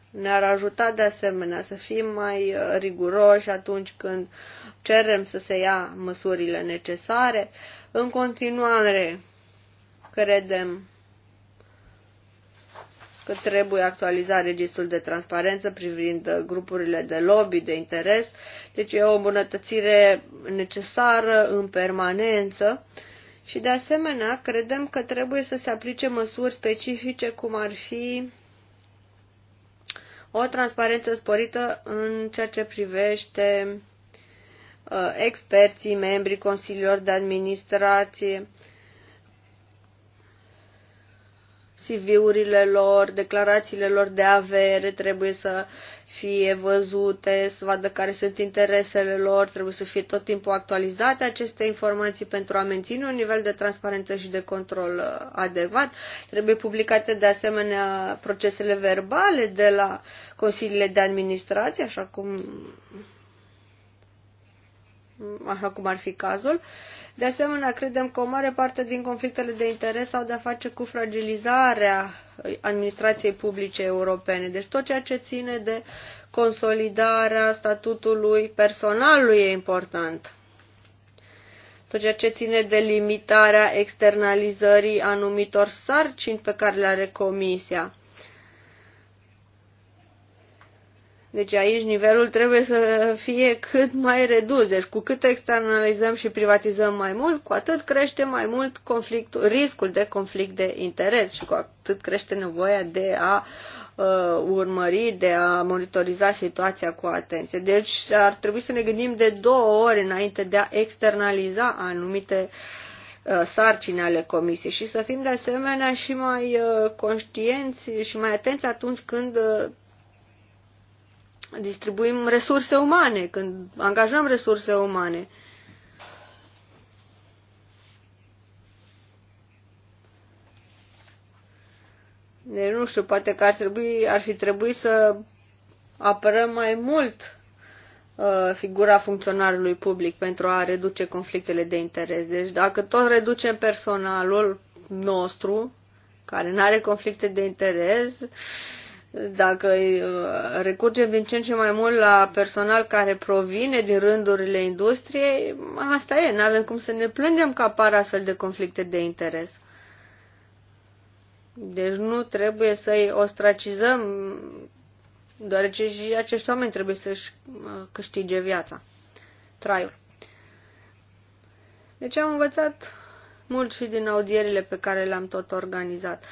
ne-ar ajuta de asemenea să fim mai uh, riguroși atunci când cerem să se ia măsurile necesare. În continuare, credem că trebuie actualizat registrul de transparență privind uh, grupurile de lobby, de interes. Deci e o îmbunătățire necesară în permanență. Și de asemenea, credem că trebuie să se aplice măsuri specifice cum ar fi o transparență sporită în ceea ce privește uh, experții, membrii consiliilor de administrație, CV-urile lor, declarațiile lor de avere trebuie să fie văzute, să vadă care sunt interesele lor, trebuie să fie tot timpul actualizate aceste informații pentru a menține un nivel de transparență și de control uh, adecvat. Trebuie publicate de asemenea procesele verbale de la consiliile de administrație, așa cum așa cum ar fi cazul. De asemenea, credem că o mare parte din conflictele de interes au de-a face cu fragilizarea administrației publice europene. Deci tot ceea ce ține de consolidarea statutului personalului e important. Tot ceea ce ține de limitarea externalizării anumitor sarcini pe care le are Comisia Deci aici nivelul trebuie să fie cât mai redus. Deci cu cât externalizăm și privatizăm mai mult, cu atât crește mai mult conflictul, riscul de conflict de interes și cu atât crește nevoia de a uh, urmări, de a monitoriza situația cu atenție. Deci ar trebui să ne gândim de două ori înainte de a externaliza anumite sarcine uh, sarcini ale comisiei și să fim de asemenea și mai uh, conștienți și mai atenți atunci când uh, distribuim resurse umane, când angajăm resurse umane. Deci, nu știu, poate că ar, trebui, ar fi trebuit să apărăm mai mult uh, figura funcționarului public pentru a reduce conflictele de interes. Deci dacă tot reducem personalul nostru, care nu are conflicte de interes, uh, dacă uh, recurgem din ce în ce mai mult la personal care provine din rândurile industriei, asta e, nu avem cum să ne plângem că apar astfel de conflicte de interes. Deci nu trebuie să-i ostracizăm, deoarece și acești oameni trebuie să-și uh, câștige viața, traiul. Deci am învățat mult și din audierile pe care le-am tot organizat. Uh,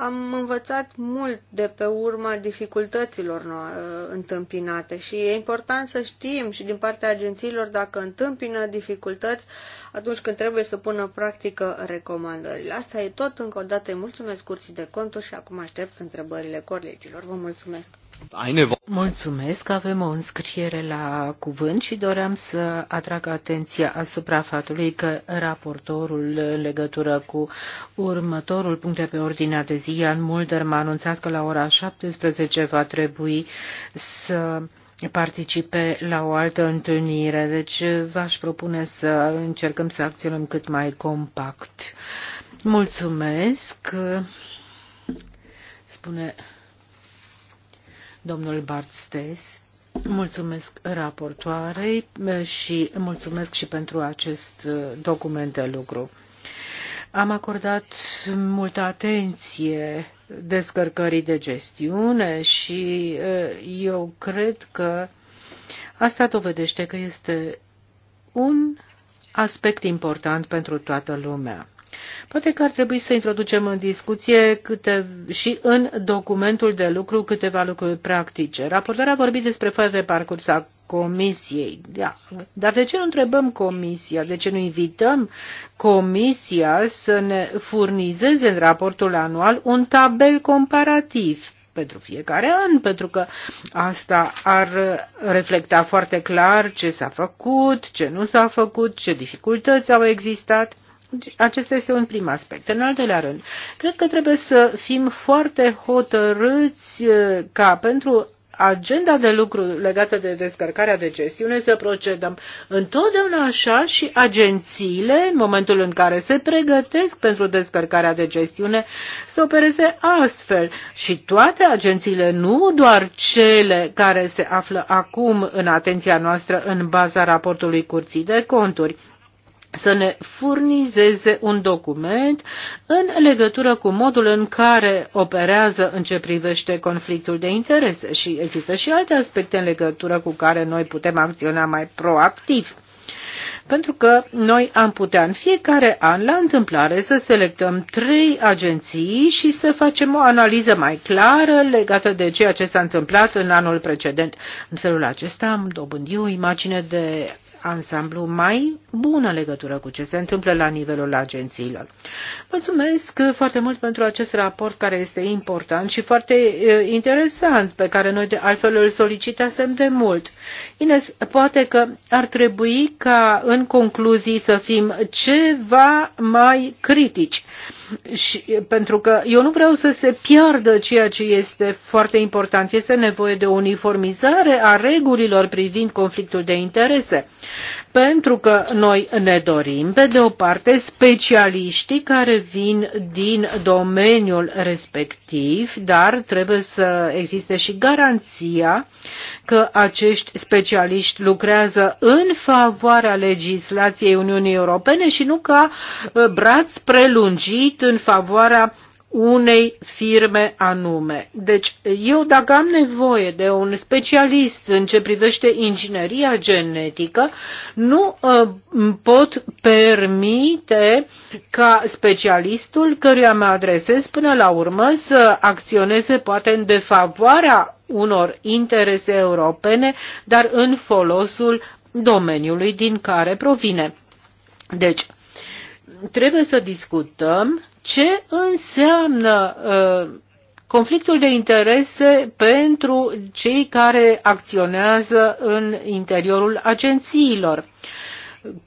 am învățat mult de pe urma dificultăților ă, întâmpinate și e important să știm și din partea agențiilor dacă întâmpină dificultăți atunci când trebuie să pună practică recomandările. Asta e tot. Încă o dată îi mulțumesc curții de conturi și acum aștept întrebările colegilor. Vă mulțumesc! Mulțumesc, avem o înscriere la cuvânt și doream să atrag atenția asupra faptului că raportorul în legătură cu următorul punct de pe ordinea de zi Ian Mulder m-a anunțat că la ora 17 va trebui să participe la o altă întâlnire, deci v-aș propune să încercăm să acționăm cât mai compact. Mulțumesc, spune domnul Bart Stes. Mulțumesc raportoarei și mulțumesc și pentru acest document de lucru. Am acordat multă atenție descărcării de gestiune și eu cred că asta dovedește că este un aspect important pentru toată lumea. Poate că ar trebui să introducem în discuție câte, și în documentul de lucru câteva lucruri practice. Raportarea a vorbit despre fără de parcurs a comisiei. Da. Dar de ce nu întrebăm comisia? De ce nu invităm comisia să ne furnizeze în raportul anual un tabel comparativ pentru fiecare an, pentru că asta ar reflecta foarte clar ce s-a făcut, ce nu s-a făcut, ce dificultăți au existat. Acesta este un prim aspect. În al doilea rând, cred că trebuie să fim foarte hotărâți uh, ca pentru agenda de lucru legată de descărcarea de gestiune să procedăm întotdeauna așa și agențiile, în momentul în care se pregătesc pentru descărcarea de gestiune, să opereze astfel. Și toate agențiile, nu doar cele care se află acum în atenția noastră în baza raportului Curții de Conturi să ne furnizeze un document în legătură cu modul în care operează în ce privește conflictul de interese și există și alte aspecte în legătură cu care noi putem acționa mai proactiv. Pentru că noi am putea în fiecare an la întâmplare să selectăm trei agenții și să facem o analiză mai clară legată de ceea ce s-a întâmplat în anul precedent. În felul acesta am dobândit o imagine de ansamblu mai bună legătură cu ce se întâmplă la nivelul agențiilor. Mulțumesc foarte mult pentru acest raport care este important și foarte eh, interesant, pe care noi de altfel îl solicitasem de mult. Ines, poate că ar trebui ca în concluzii să fim ceva mai critici și, pentru că eu nu vreau să se piardă ceea ce este foarte important. Este nevoie de uniformizare a regulilor privind conflictul de interese. Pentru că noi ne dorim, pe de o parte, specialiștii care vin din domeniul respectiv, dar trebuie să existe și garanția că acești specialiști lucrează în favoarea legislației Uniunii Europene și nu ca uh, braț prelungit în favoarea unei firme anume. Deci, eu dacă am nevoie de un specialist în ce privește ingineria genetică, nu uh, pot permite ca specialistul căruia mă adresez până la urmă să acționeze poate în defavoarea unor interese europene, dar în folosul domeniului din care provine. Deci, trebuie să discutăm ce înseamnă uh, conflictul de interese pentru cei care acționează în interiorul agențiilor.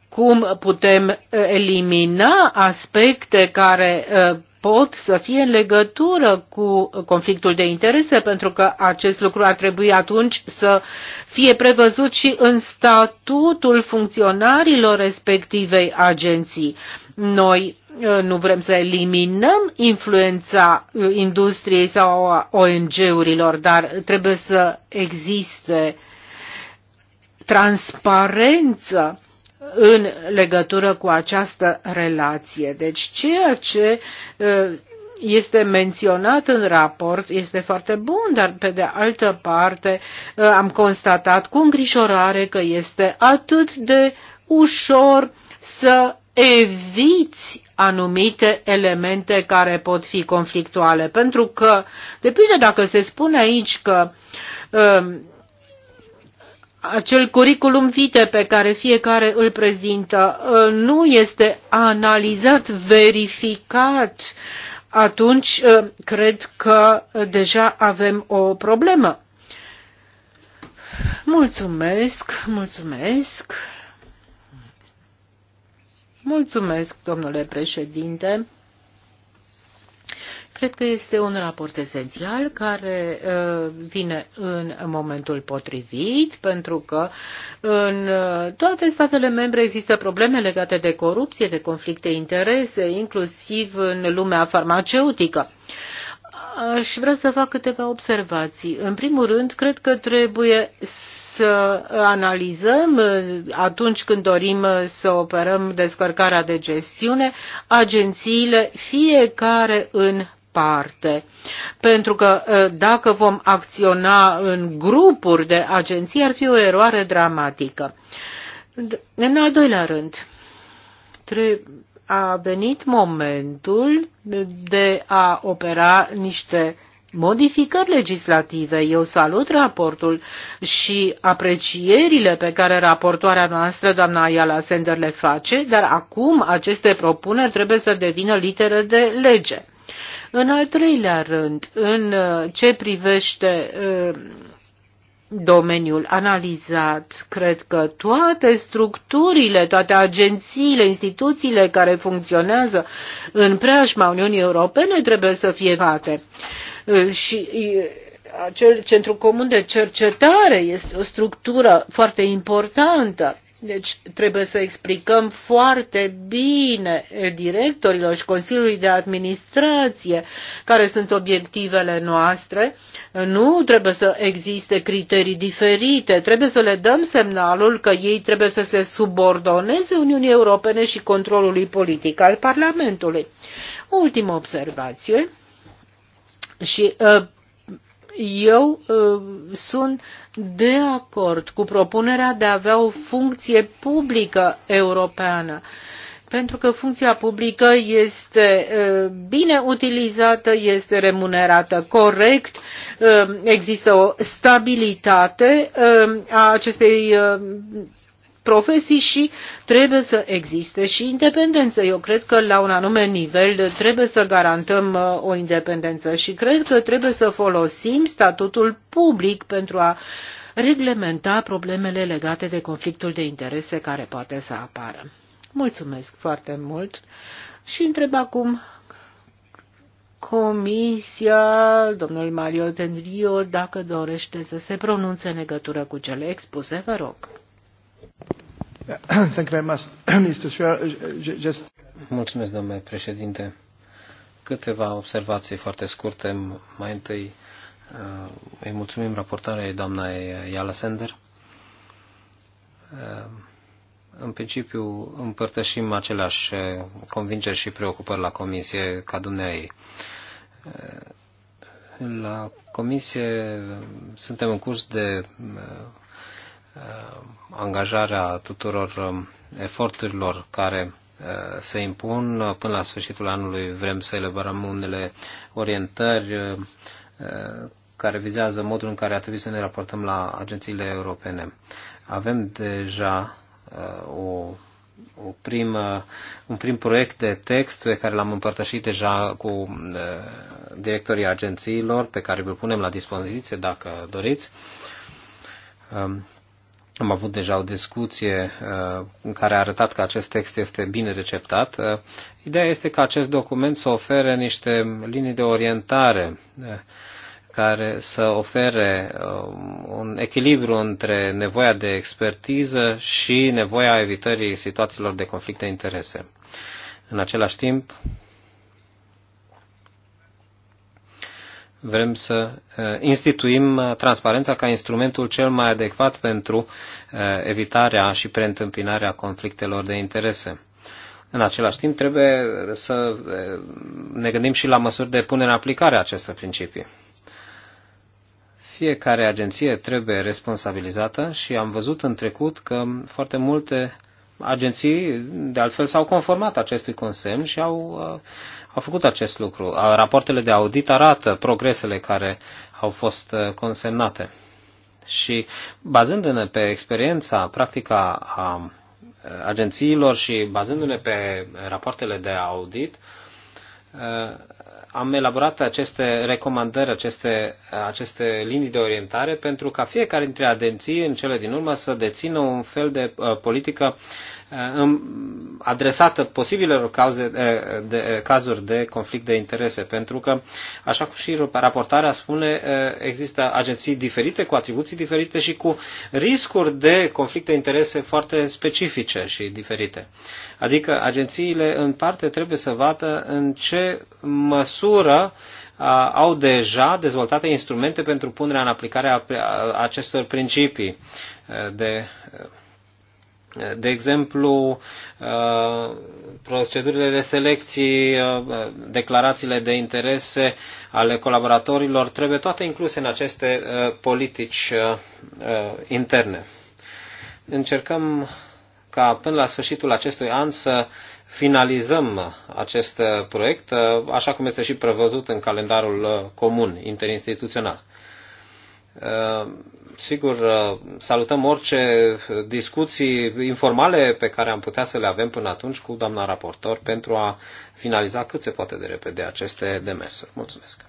Cum putem uh, elimina aspecte care uh, pot să fie în legătură cu conflictul de interese, pentru că acest lucru ar trebui atunci să fie prevăzut și în statutul funcționarilor respectivei agenții. Noi Uh, nu vrem să eliminăm influența uh, industriei sau a ONG-urilor, dar trebuie să existe transparență în legătură cu această relație. Deci ceea ce uh, este menționat în raport este foarte bun, dar pe de altă parte am constatat cu îngrijorare că este atât de ușor să eviți anumite elemente care pot fi conflictuale. Pentru că depinde dacă se spune aici că uh, acel curriculum vitae pe care fiecare îl prezintă uh, nu este analizat, verificat, atunci uh, cred că deja avem o problemă. Mulțumesc, mulțumesc. Mulțumesc, domnule președinte. Cred că este un raport esențial care uh, vine în momentul potrivit, pentru că în uh, toate statele membre există probleme legate de corupție, de conflicte interese, inclusiv în lumea farmaceutică aș vrea să fac câteva observații. În primul rând, cred că trebuie să analizăm uh, atunci când dorim uh, să operăm descărcarea de gestiune agențiile fiecare în parte. Pentru că uh, dacă vom acționa în grupuri de agenții, ar fi o eroare dramatică. În al doilea rând, trebuie a venit momentul de a opera niște modificări legislative. Eu salut raportul și aprecierile pe care raportoarea noastră, doamna Ayala Sender, le face, dar acum aceste propuneri trebuie să devină litere de lege. În al treilea rând, în ce privește uh, domeniul analizat. Cred că toate structurile, toate agențiile, instituțiile care funcționează în preajma Uniunii Europene trebuie să fie vate. Uh, și uh, acel centru comun de cercetare este o structură foarte importantă. Deci trebuie să explicăm foarte bine directorilor și Consiliului de Administrație care sunt obiectivele noastre nu trebuie să existe criterii diferite, trebuie să le dăm semnalul că ei trebuie să se subordoneze Uniunii Europene și controlului politic al Parlamentului. ultimă observație și uh, eu uh, sunt de acord cu propunerea de a avea o funcție publică europeană pentru că funcția publică este bine utilizată, este remunerată corect, există o stabilitate a acestei profesii și trebuie să existe și independență. Eu cred că la un anume nivel trebuie să garantăm o independență și cred că trebuie să folosim statutul public pentru a reglementa problemele legate de conflictul de interese care poate să apară. Mulțumesc foarte mult și întreb acum Comisia, domnul Mario Tenrio, dacă dorește să se pronunțe în legătură cu cele expuse, vă rog. Mulțumesc, domnule președinte. Câteva observații foarte scurte. Mai întâi uh, îi mulțumim raportarea doamnei Iala Sender uh, în principiu împărtășim aceleași convingeri și preocupări la comisie ca dumneai. La comisie suntem în curs de uh, angajarea tuturor um, eforturilor care uh, se impun. Până la sfârșitul anului vrem să elaborăm unele orientări uh, care vizează modul în care ar trebui să ne raportăm la agențiile europene. Avem deja Uh, o o primă, un prim proiect de text pe care l-am împărtășit deja cu uh, directorii agențiilor, pe care îl punem la dispoziție dacă doriți. Um, am avut deja o discuție uh, în care a arătat că acest text este bine receptat. Ideea este că acest document să ofere niște linii de orientare care să ofere uh, un echilibru între nevoia de expertiză și nevoia evitării situațiilor de conflict de interese. În același timp, vrem să uh, instituim transparența ca instrumentul cel mai adecvat pentru uh, evitarea și preîntâmpinarea conflictelor de interese. În același timp, trebuie să ne gândim și la măsuri de punere în aplicare a acestor principii. Fiecare agenție trebuie responsabilizată și am văzut în trecut că foarte multe agenții, de altfel, s-au conformat acestui consemn și au, uh, au făcut acest lucru. Rapoartele de audit arată progresele care au fost uh, consemnate. Și bazându-ne pe experiența, practica a uh, agențiilor și bazându-ne pe rapoartele de audit, am elaborat aceste recomandări, aceste, aceste linii de orientare pentru ca fiecare dintre agenții în cele din urmă să dețină un fel de uh, politică Uh, adresată posibilelor cauze, uh, de, uh, cazuri de conflict de interese, pentru că, așa cum și raportarea spune, există agenții diferite, cu atribuții diferite și cu riscuri de conflict de interese foarte specifice și diferite. Adică agențiile, în parte, trebuie să vadă în ce măsură au deja dezvoltate instrumente pentru punerea în aplicare a acestor principii de de exemplu, procedurile de selecție, declarațiile de interese ale colaboratorilor trebuie toate incluse în aceste uh, politici uh, uh, interne. Încercăm ca până la sfârșitul acestui an să finalizăm acest proiect, așa cum este și prevăzut în calendarul comun interinstituțional sigur, uh, salutăm orice discuții informale pe care am putea să le avem până atunci cu doamna raportor pentru a finaliza cât se poate de repede aceste demersuri. Mulțumesc!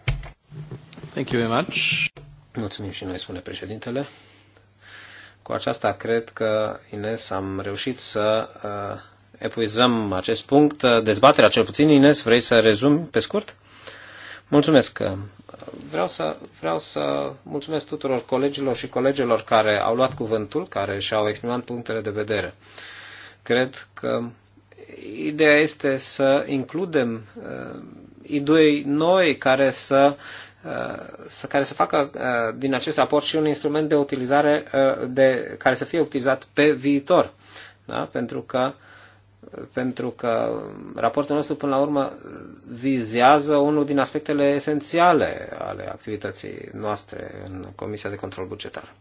Thank you very much. Mulțumim și noi, spune președintele. Cu aceasta cred că, Ines, am reușit să uh, epuizăm acest punct. Uh, dezbaterea, cel puțin, Ines, vrei să rezumi pe scurt? Mulțumesc, vreau să, vreau să mulțumesc tuturor colegilor și colegelor care au luat cuvântul, care și-au exprimat punctele de vedere. Cred că ideea este să includem uh, idei noi care să, uh, să, care să facă uh, din acest raport și un instrument de utilizare uh, de, care să fie utilizat pe viitor. Da? Pentru că uh, pentru că raportul nostru, până la urmă, vizează unul din aspectele esențiale ale activității noastre în Comisia de Control Bugetar.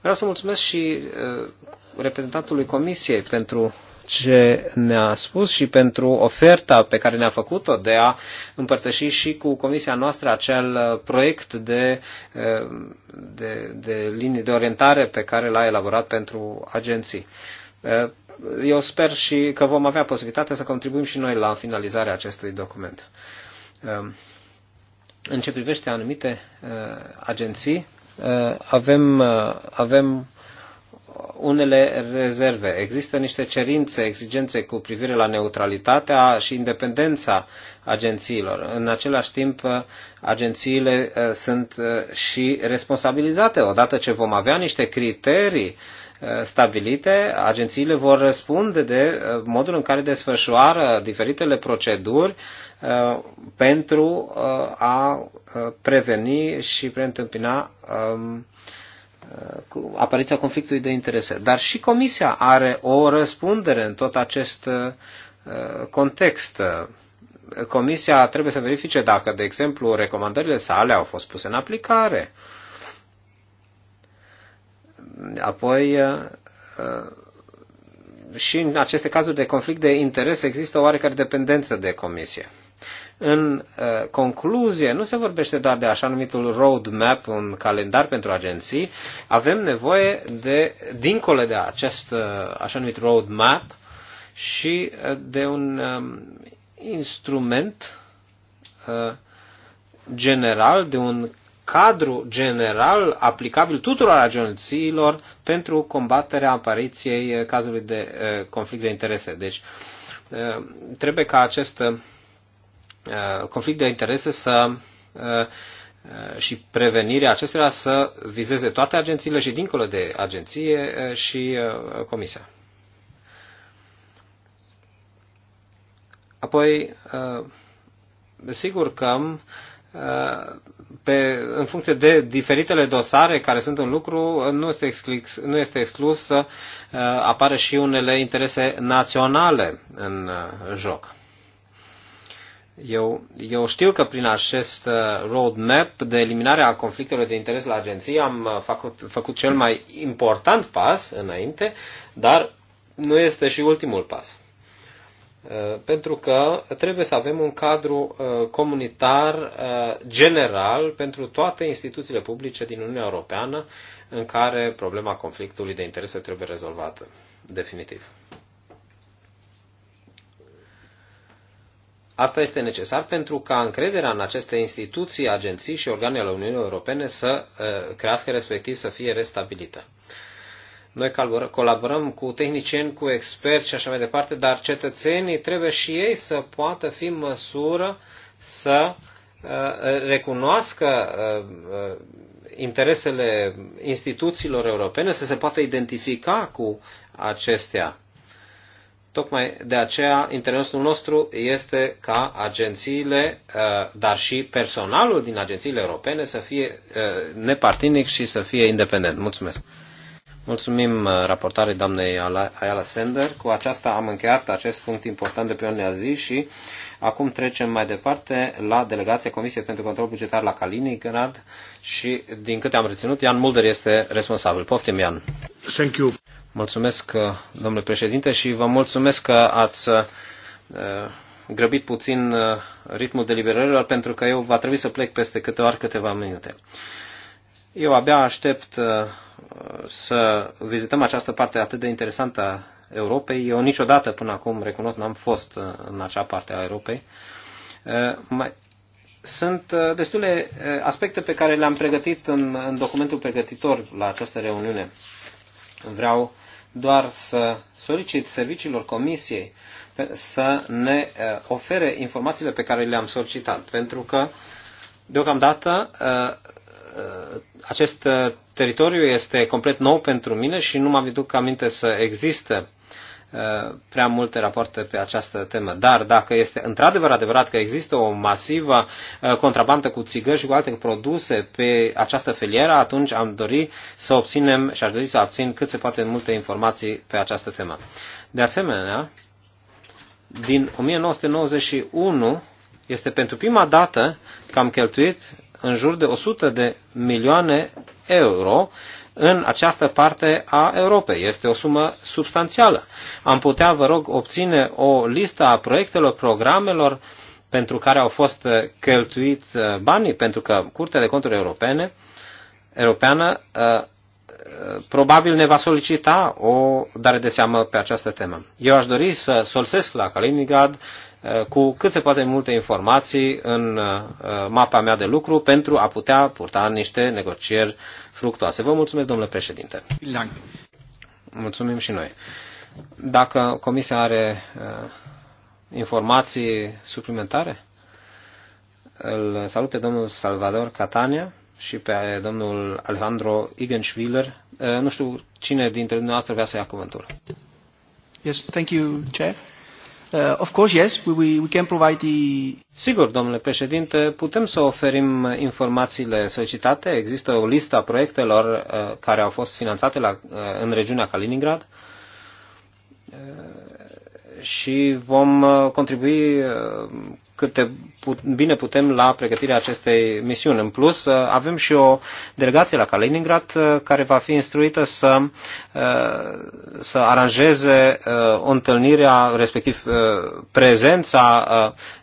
Vreau să mulțumesc și uh, reprezentantului Comisiei pentru ce ne-a spus și pentru oferta pe care ne-a făcut-o de a împărtăși și cu comisia noastră acel uh, proiect de, uh, de, de linii de orientare pe care l-a elaborat pentru agenții eu sper și că vom avea posibilitatea să contribuim și noi la finalizarea acestui document. Um, în ce privește anumite uh, agenții, uh, avem, uh, avem unele rezerve. Există niște cerințe, exigențe cu privire la neutralitatea și independența agențiilor. În același timp, agențiile sunt și responsabilizate. Odată ce vom avea niște criterii stabilite, agențiile vor răspunde de eh, modul în care desfășoară diferitele proceduri eh, pentru eh, a preveni și preîntâmpina ehm, apariția conflictului de interese. Dar și Comisia are o răspundere în tot acest context. Comisia trebuie să verifice dacă, de exemplu, recomandările sale au fost puse în aplicare Apoi, uh, uh, și în aceste cazuri de conflict de interes există oarecare dependență de comisie. În uh, concluzie, nu se vorbește doar de așa numitul roadmap, un calendar pentru agenții. Avem nevoie de, dincolo de acest așa numit roadmap, și de un um, instrument general, de un cadru general aplicabil tuturor agențiilor pentru combaterea apariției eh, cazului de eh, conflict de interese. Deci eh, trebuie ca acest conflict de interese să și prevenirea acestora să vizeze toate agențiile și dincolo de agenție și comisia. Apoi, sigur că pe, în funcție de diferitele dosare care sunt în lucru, nu este exclus, nu este exclus să uh, apară și unele interese naționale în uh, joc. Eu, eu știu că prin acest uh, roadmap de eliminare a conflictelor de interes la agenții am făcut, făcut cel mai important pas înainte, dar nu este și ultimul pas. Uh, pentru că trebuie să avem un cadru uh, comunitar uh, general pentru toate instituțiile publice din Uniunea Europeană în care problema conflictului de interese trebuie rezolvată definitiv. Asta este necesar pentru ca încrederea în aceste instituții, agenții și organele Uniunii Europene să crească, respectiv să fie restabilită. Noi colaborăm cu tehnicieni, cu experți și așa mai departe, dar cetățenii trebuie și ei să poată fi în măsură să uh, recunoască uh, uh, interesele instituțiilor europene, să se poată identifica cu acestea. Tocmai de aceea interesul nostru este ca agențiile, dar și personalul din agențiile europene să fie nepartinic și să fie independent. Mulțumesc! Mulțumim uh, raportarei doamnei Ayala Sender. Cu aceasta am încheiat acest punct important de pe ordinea zi și acum trecem mai departe la delegația Comisiei pentru Control Bugetar la Kaliningrad și din câte am reținut, Ian Mulder este responsabil. Poftim, Ian. Thank you. Mulțumesc, uh, domnule președinte, și vă mulțumesc că ați uh, grăbit puțin ritmul deliberărilor pentru că eu va trebui să plec peste câteva, câteva minute. Eu abia aștept uh, să vizităm această parte atât de interesantă a Europei. Eu niciodată până acum, recunosc, n-am fost uh, în acea parte a Europei. Uh, sunt destule aspecte pe care le-am pregătit în documentul pregătitor la această reuniune. Vreau doar să solicit serviciilor comisiei să ne ofere informațiile pe care le-am solicitat, pentru că deocamdată Uh, acest uh, teritoriu este complet nou pentru mine și nu m-am duc aminte să există uh, prea multe rapoarte pe această temă. Dar dacă este într-adevăr adevărat că există o masivă contrabandă cu țigări și cu alte produse pe această felieră, atunci am dori să obținem și aș dori să obțin cât se poate multe informații pe această temă. De asemenea, din 1991 este pentru prima dată că am cheltuit în jur de 100 de milioane euro în această parte a Europei. Este o sumă substanțială. Am putea, vă rog, obține o listă a proiectelor, programelor pentru care au fost cheltuiți uh, banii, pentru că Curtea de Conturi Europene, Europeană uh, uh, probabil ne va solicita o dare de seamă pe această temă. Eu aș dori să solsesc la Kaliningrad Uh, cu cât se poate multe informații în uh, mapa mea de lucru pentru a putea purta niște negocieri fructoase. Vă mulțumesc, domnule președinte. Mulțumim și noi. Dacă comisia are uh, informații suplimentare, îl salut pe domnul Salvador Catania și pe domnul Alejandro Igenschwiller. Nu știu cine dintre dumneavoastră vrea să ia cuvântul. Yes, thank you, Chair. Uh, of course, yes, we, we can provide the... Sigur, domnule președinte, putem să oferim informațiile solicitate. Există o listă a proiectelor uh, care au fost finanțate la, uh, în regiunea Kaliningrad și vom contribui de put, bine putem la pregătirea acestei misiuni. În plus, uh, avem și o delegație la Kaliningrad uh, care va fi instruită să, uh, să aranjeze întâlnirea, respectiv prezența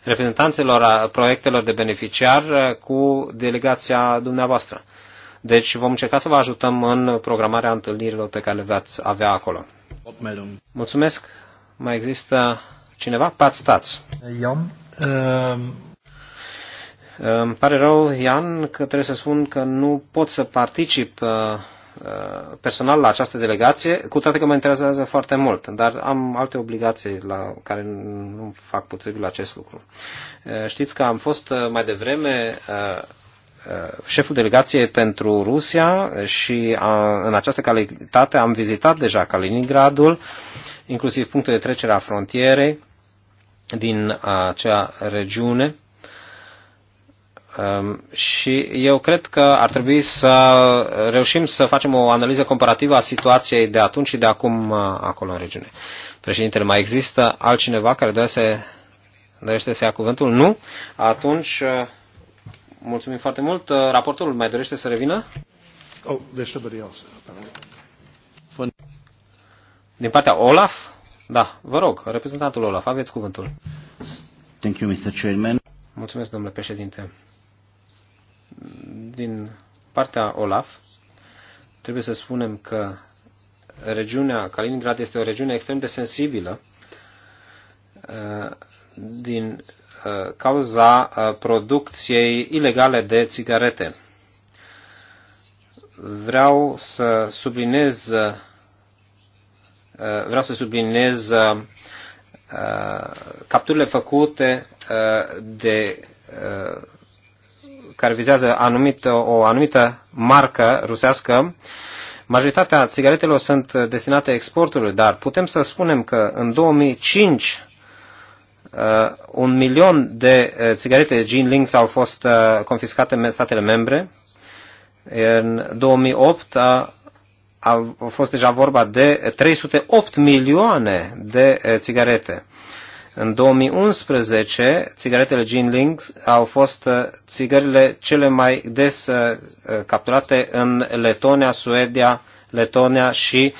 reprezentanților proiectelor de beneficiar cu delegația dumneavoastră. Deci vom încerca să vă ajutăm în programarea întâlnirilor pe care le veți avea acolo. Mulțumesc. Mai există cineva? Pat stați. Eu. Ehm, Îmi pare rău, Ian, că trebuie să spun că nu pot să particip uh, uh, personal la această delegație, cu toate că mă interesează foarte mult, dar am alte obligații la care nu fac posibil acest lucru. Uh, știți că am fost mai devreme șeful delegației pentru Rusia și a, în această calitate am vizitat deja Kaliningradul, inclusiv punctul de trecere a frontierei din acea regiune ehm, și eu cred că ar trebui să reușim să facem o analiză comparativă a situației de atunci și de acum uh, acolo în regiune. Președintele, mai există altcineva care dorește, să ia cuvântul? Nu? Atunci, uh, mulțumim foarte mult. Uh, Raportul mai dorește să revină? Oh, there's somebody else. Din partea Olaf? Da, vă rog, reprezentantul Olaf, aveți cuvântul. Thank you, Mr. Chairman. Mulțumesc, domnule președinte. Din partea Olaf, trebuie să spunem că regiunea Kaliningrad este o regiune extrem de sensibilă uh, din uh, cauza uh, producției ilegale de țigarete. Vreau să subliniez Eh, vreau să subliniez eh, capturile făcute eh, de care vizează anumită o anumită marcă rusească, majoritatea țigaretelor sunt destinate exportului, dar putem să spunem că în 2005 uh, un milion de uh, țigarete Gene Links au fost uh, confiscate în statele membre. În 2008 a a fost deja vorba de 308 milioane de țigarete. În 2011, țigaretele Jinling au fost țigările cele mai des capturate în Letonia, Suedia, Letonia și,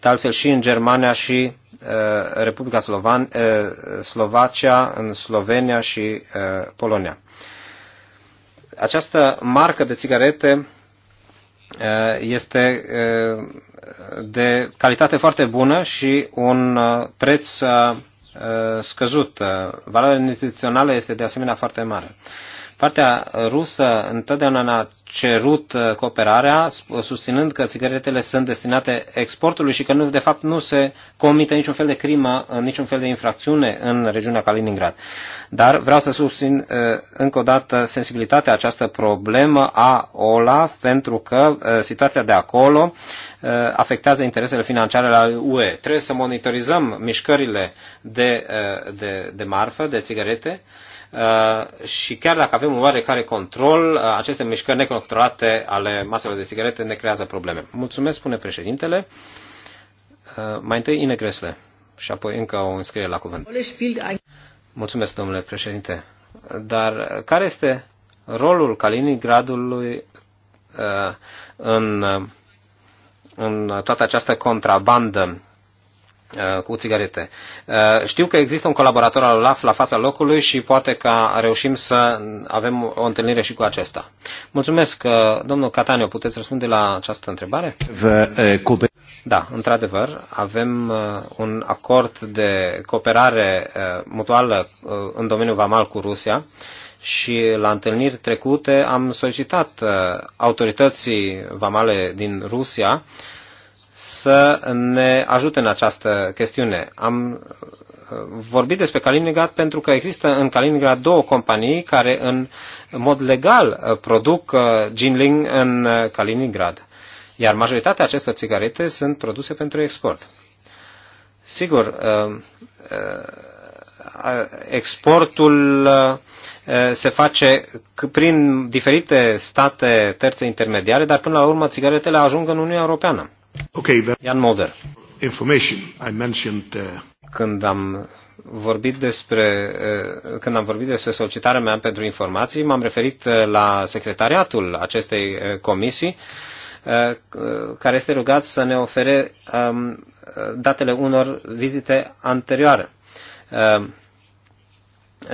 de altfel, și în Germania și Republica Slovan, Slovacia, în Slovenia și Polonia. Această marcă de țigarete Uh, este uh, de calitate foarte bună și un uh, preț scăzut. Valoarea nutrițională este de asemenea foarte mare. Partea rusă întotdeauna a cerut uh, cooperarea, susținând că țigaretele sunt destinate exportului și că nu, de fapt nu se comite niciun fel de crimă, uh, niciun fel de infracțiune în regiunea Kaliningrad. Dar vreau să susțin uh, încă o dată sensibilitatea această problemă a OLAF, pentru că situația de acolo afectează interesele financiare ale UE. Trebuie să monitorizăm mișcările de, de, de marfă, de țigarete, Uh, și chiar dacă avem un oarecare control, uh, aceste mișcări necontrolate ale maselor de țigarete ne creează probleme. Mulțumesc, spune președintele. Uh, mai întâi Ine Gresle și apoi încă o înscriere la cuvânt. Mulțumesc, domnule președinte. Dar care este rolul Kaliningradului în, în toată această contrabandă Uh, cu țigarete. Uh, știu că există un colaborator al LAF la fața locului și poate că reușim să avem o întâlnire și cu acesta. Mulțumesc, uh, domnul Cataniu, puteți răspunde la această întrebare? Da, într-adevăr, avem un acord de cooperare mutuală în domeniul vamal cu Rusia și la întâlniri trecute am solicitat autorității vamale din Rusia să ne ajute în această chestiune. Am uh, vorbit despre Kaliningrad pentru că există în Kaliningrad două companii care în mod legal uh, produc uh, Jinling în Kaliningrad, iar majoritatea acestor țigarete sunt produse pentru export. Sigur, exportul se face prin diferite state terțe intermediare, dar până la urmă țigaretele ajung în Uniunea Europeană. Okay, Jan Mulder. Information I mentioned, uh... Când am vorbit despre, uh, când am vorbit despre solicitarea mea pentru informații, m-am referit uh, la secretariatul acestei uh, comisii, care este rugat să ne ofere um, datele unor vizite anterioare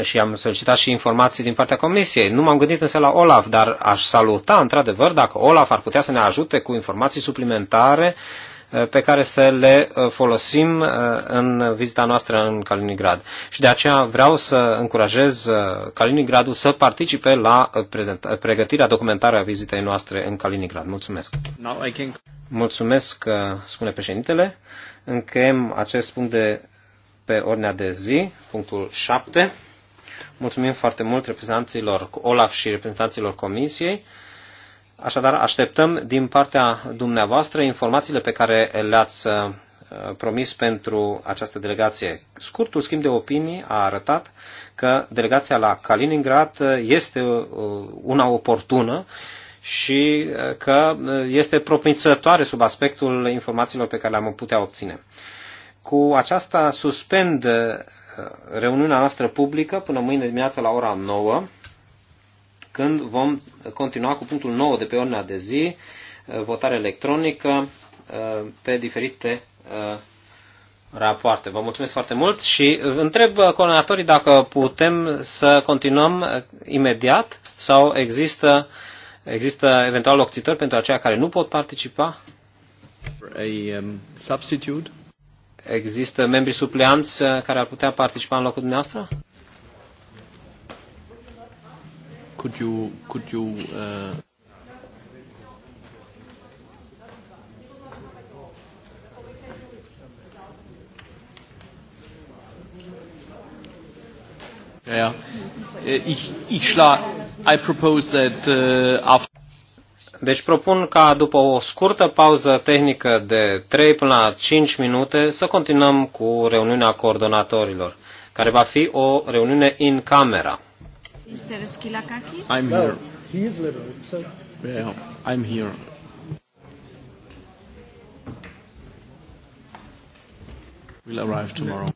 și am solicitat și informații din partea Comisiei. Nu m-am gândit însă la Olaf, dar aș saluta într-adevăr dacă Olaf ar putea să ne ajute cu informații suplimentare uh, pe care să le uh, folosim uh, în vizita noastră în Kaliningrad. Și de aceea vreau să încurajez Kaliningradul să participe la pregătirea documentară a vizitei noastre în Kaliningrad. Mulțumesc! Mulțumesc, spune președintele. Încheiem acest punct de pe ordinea de zi, punctul 7. Mulțumim foarte mult reprezentanților OLAF și reprezentanților Comisiei. Așadar, așteptăm din partea dumneavoastră informațiile pe care le-ați uh, promis pentru această delegație. Scurtul schimb de opinii a arătat că delegația la Kaliningrad este uh, una oportună și uh, că este propințătoare sub aspectul informațiilor pe care le-am putea obține. Cu aceasta suspend reuniunea noastră publică până mâine dimineața la ora 9, când vom continua cu punctul 9 de pe ordinea de zi, uh, votare electronică uh, pe diferite uh, rapoarte. Vă mulțumesc foarte mult și întreb coordonatorii dacă putem să continuăm imediat sau există, există eventual locțitori pentru aceia care nu pot participa? A, um, substitute? Există membri supleanți uh, care ar putea participa în locul dumneavoastră? Could you, could you, uh... yeah. ich, ich schlage, I propose that uh, after deci propun ca după o scurtă pauză tehnică de 3 până la 5 minute să continuăm cu reuniunea coordonatorilor, care va fi o reuniune in camera. I'm here. Yeah, I'm here. We'll arrive tomorrow.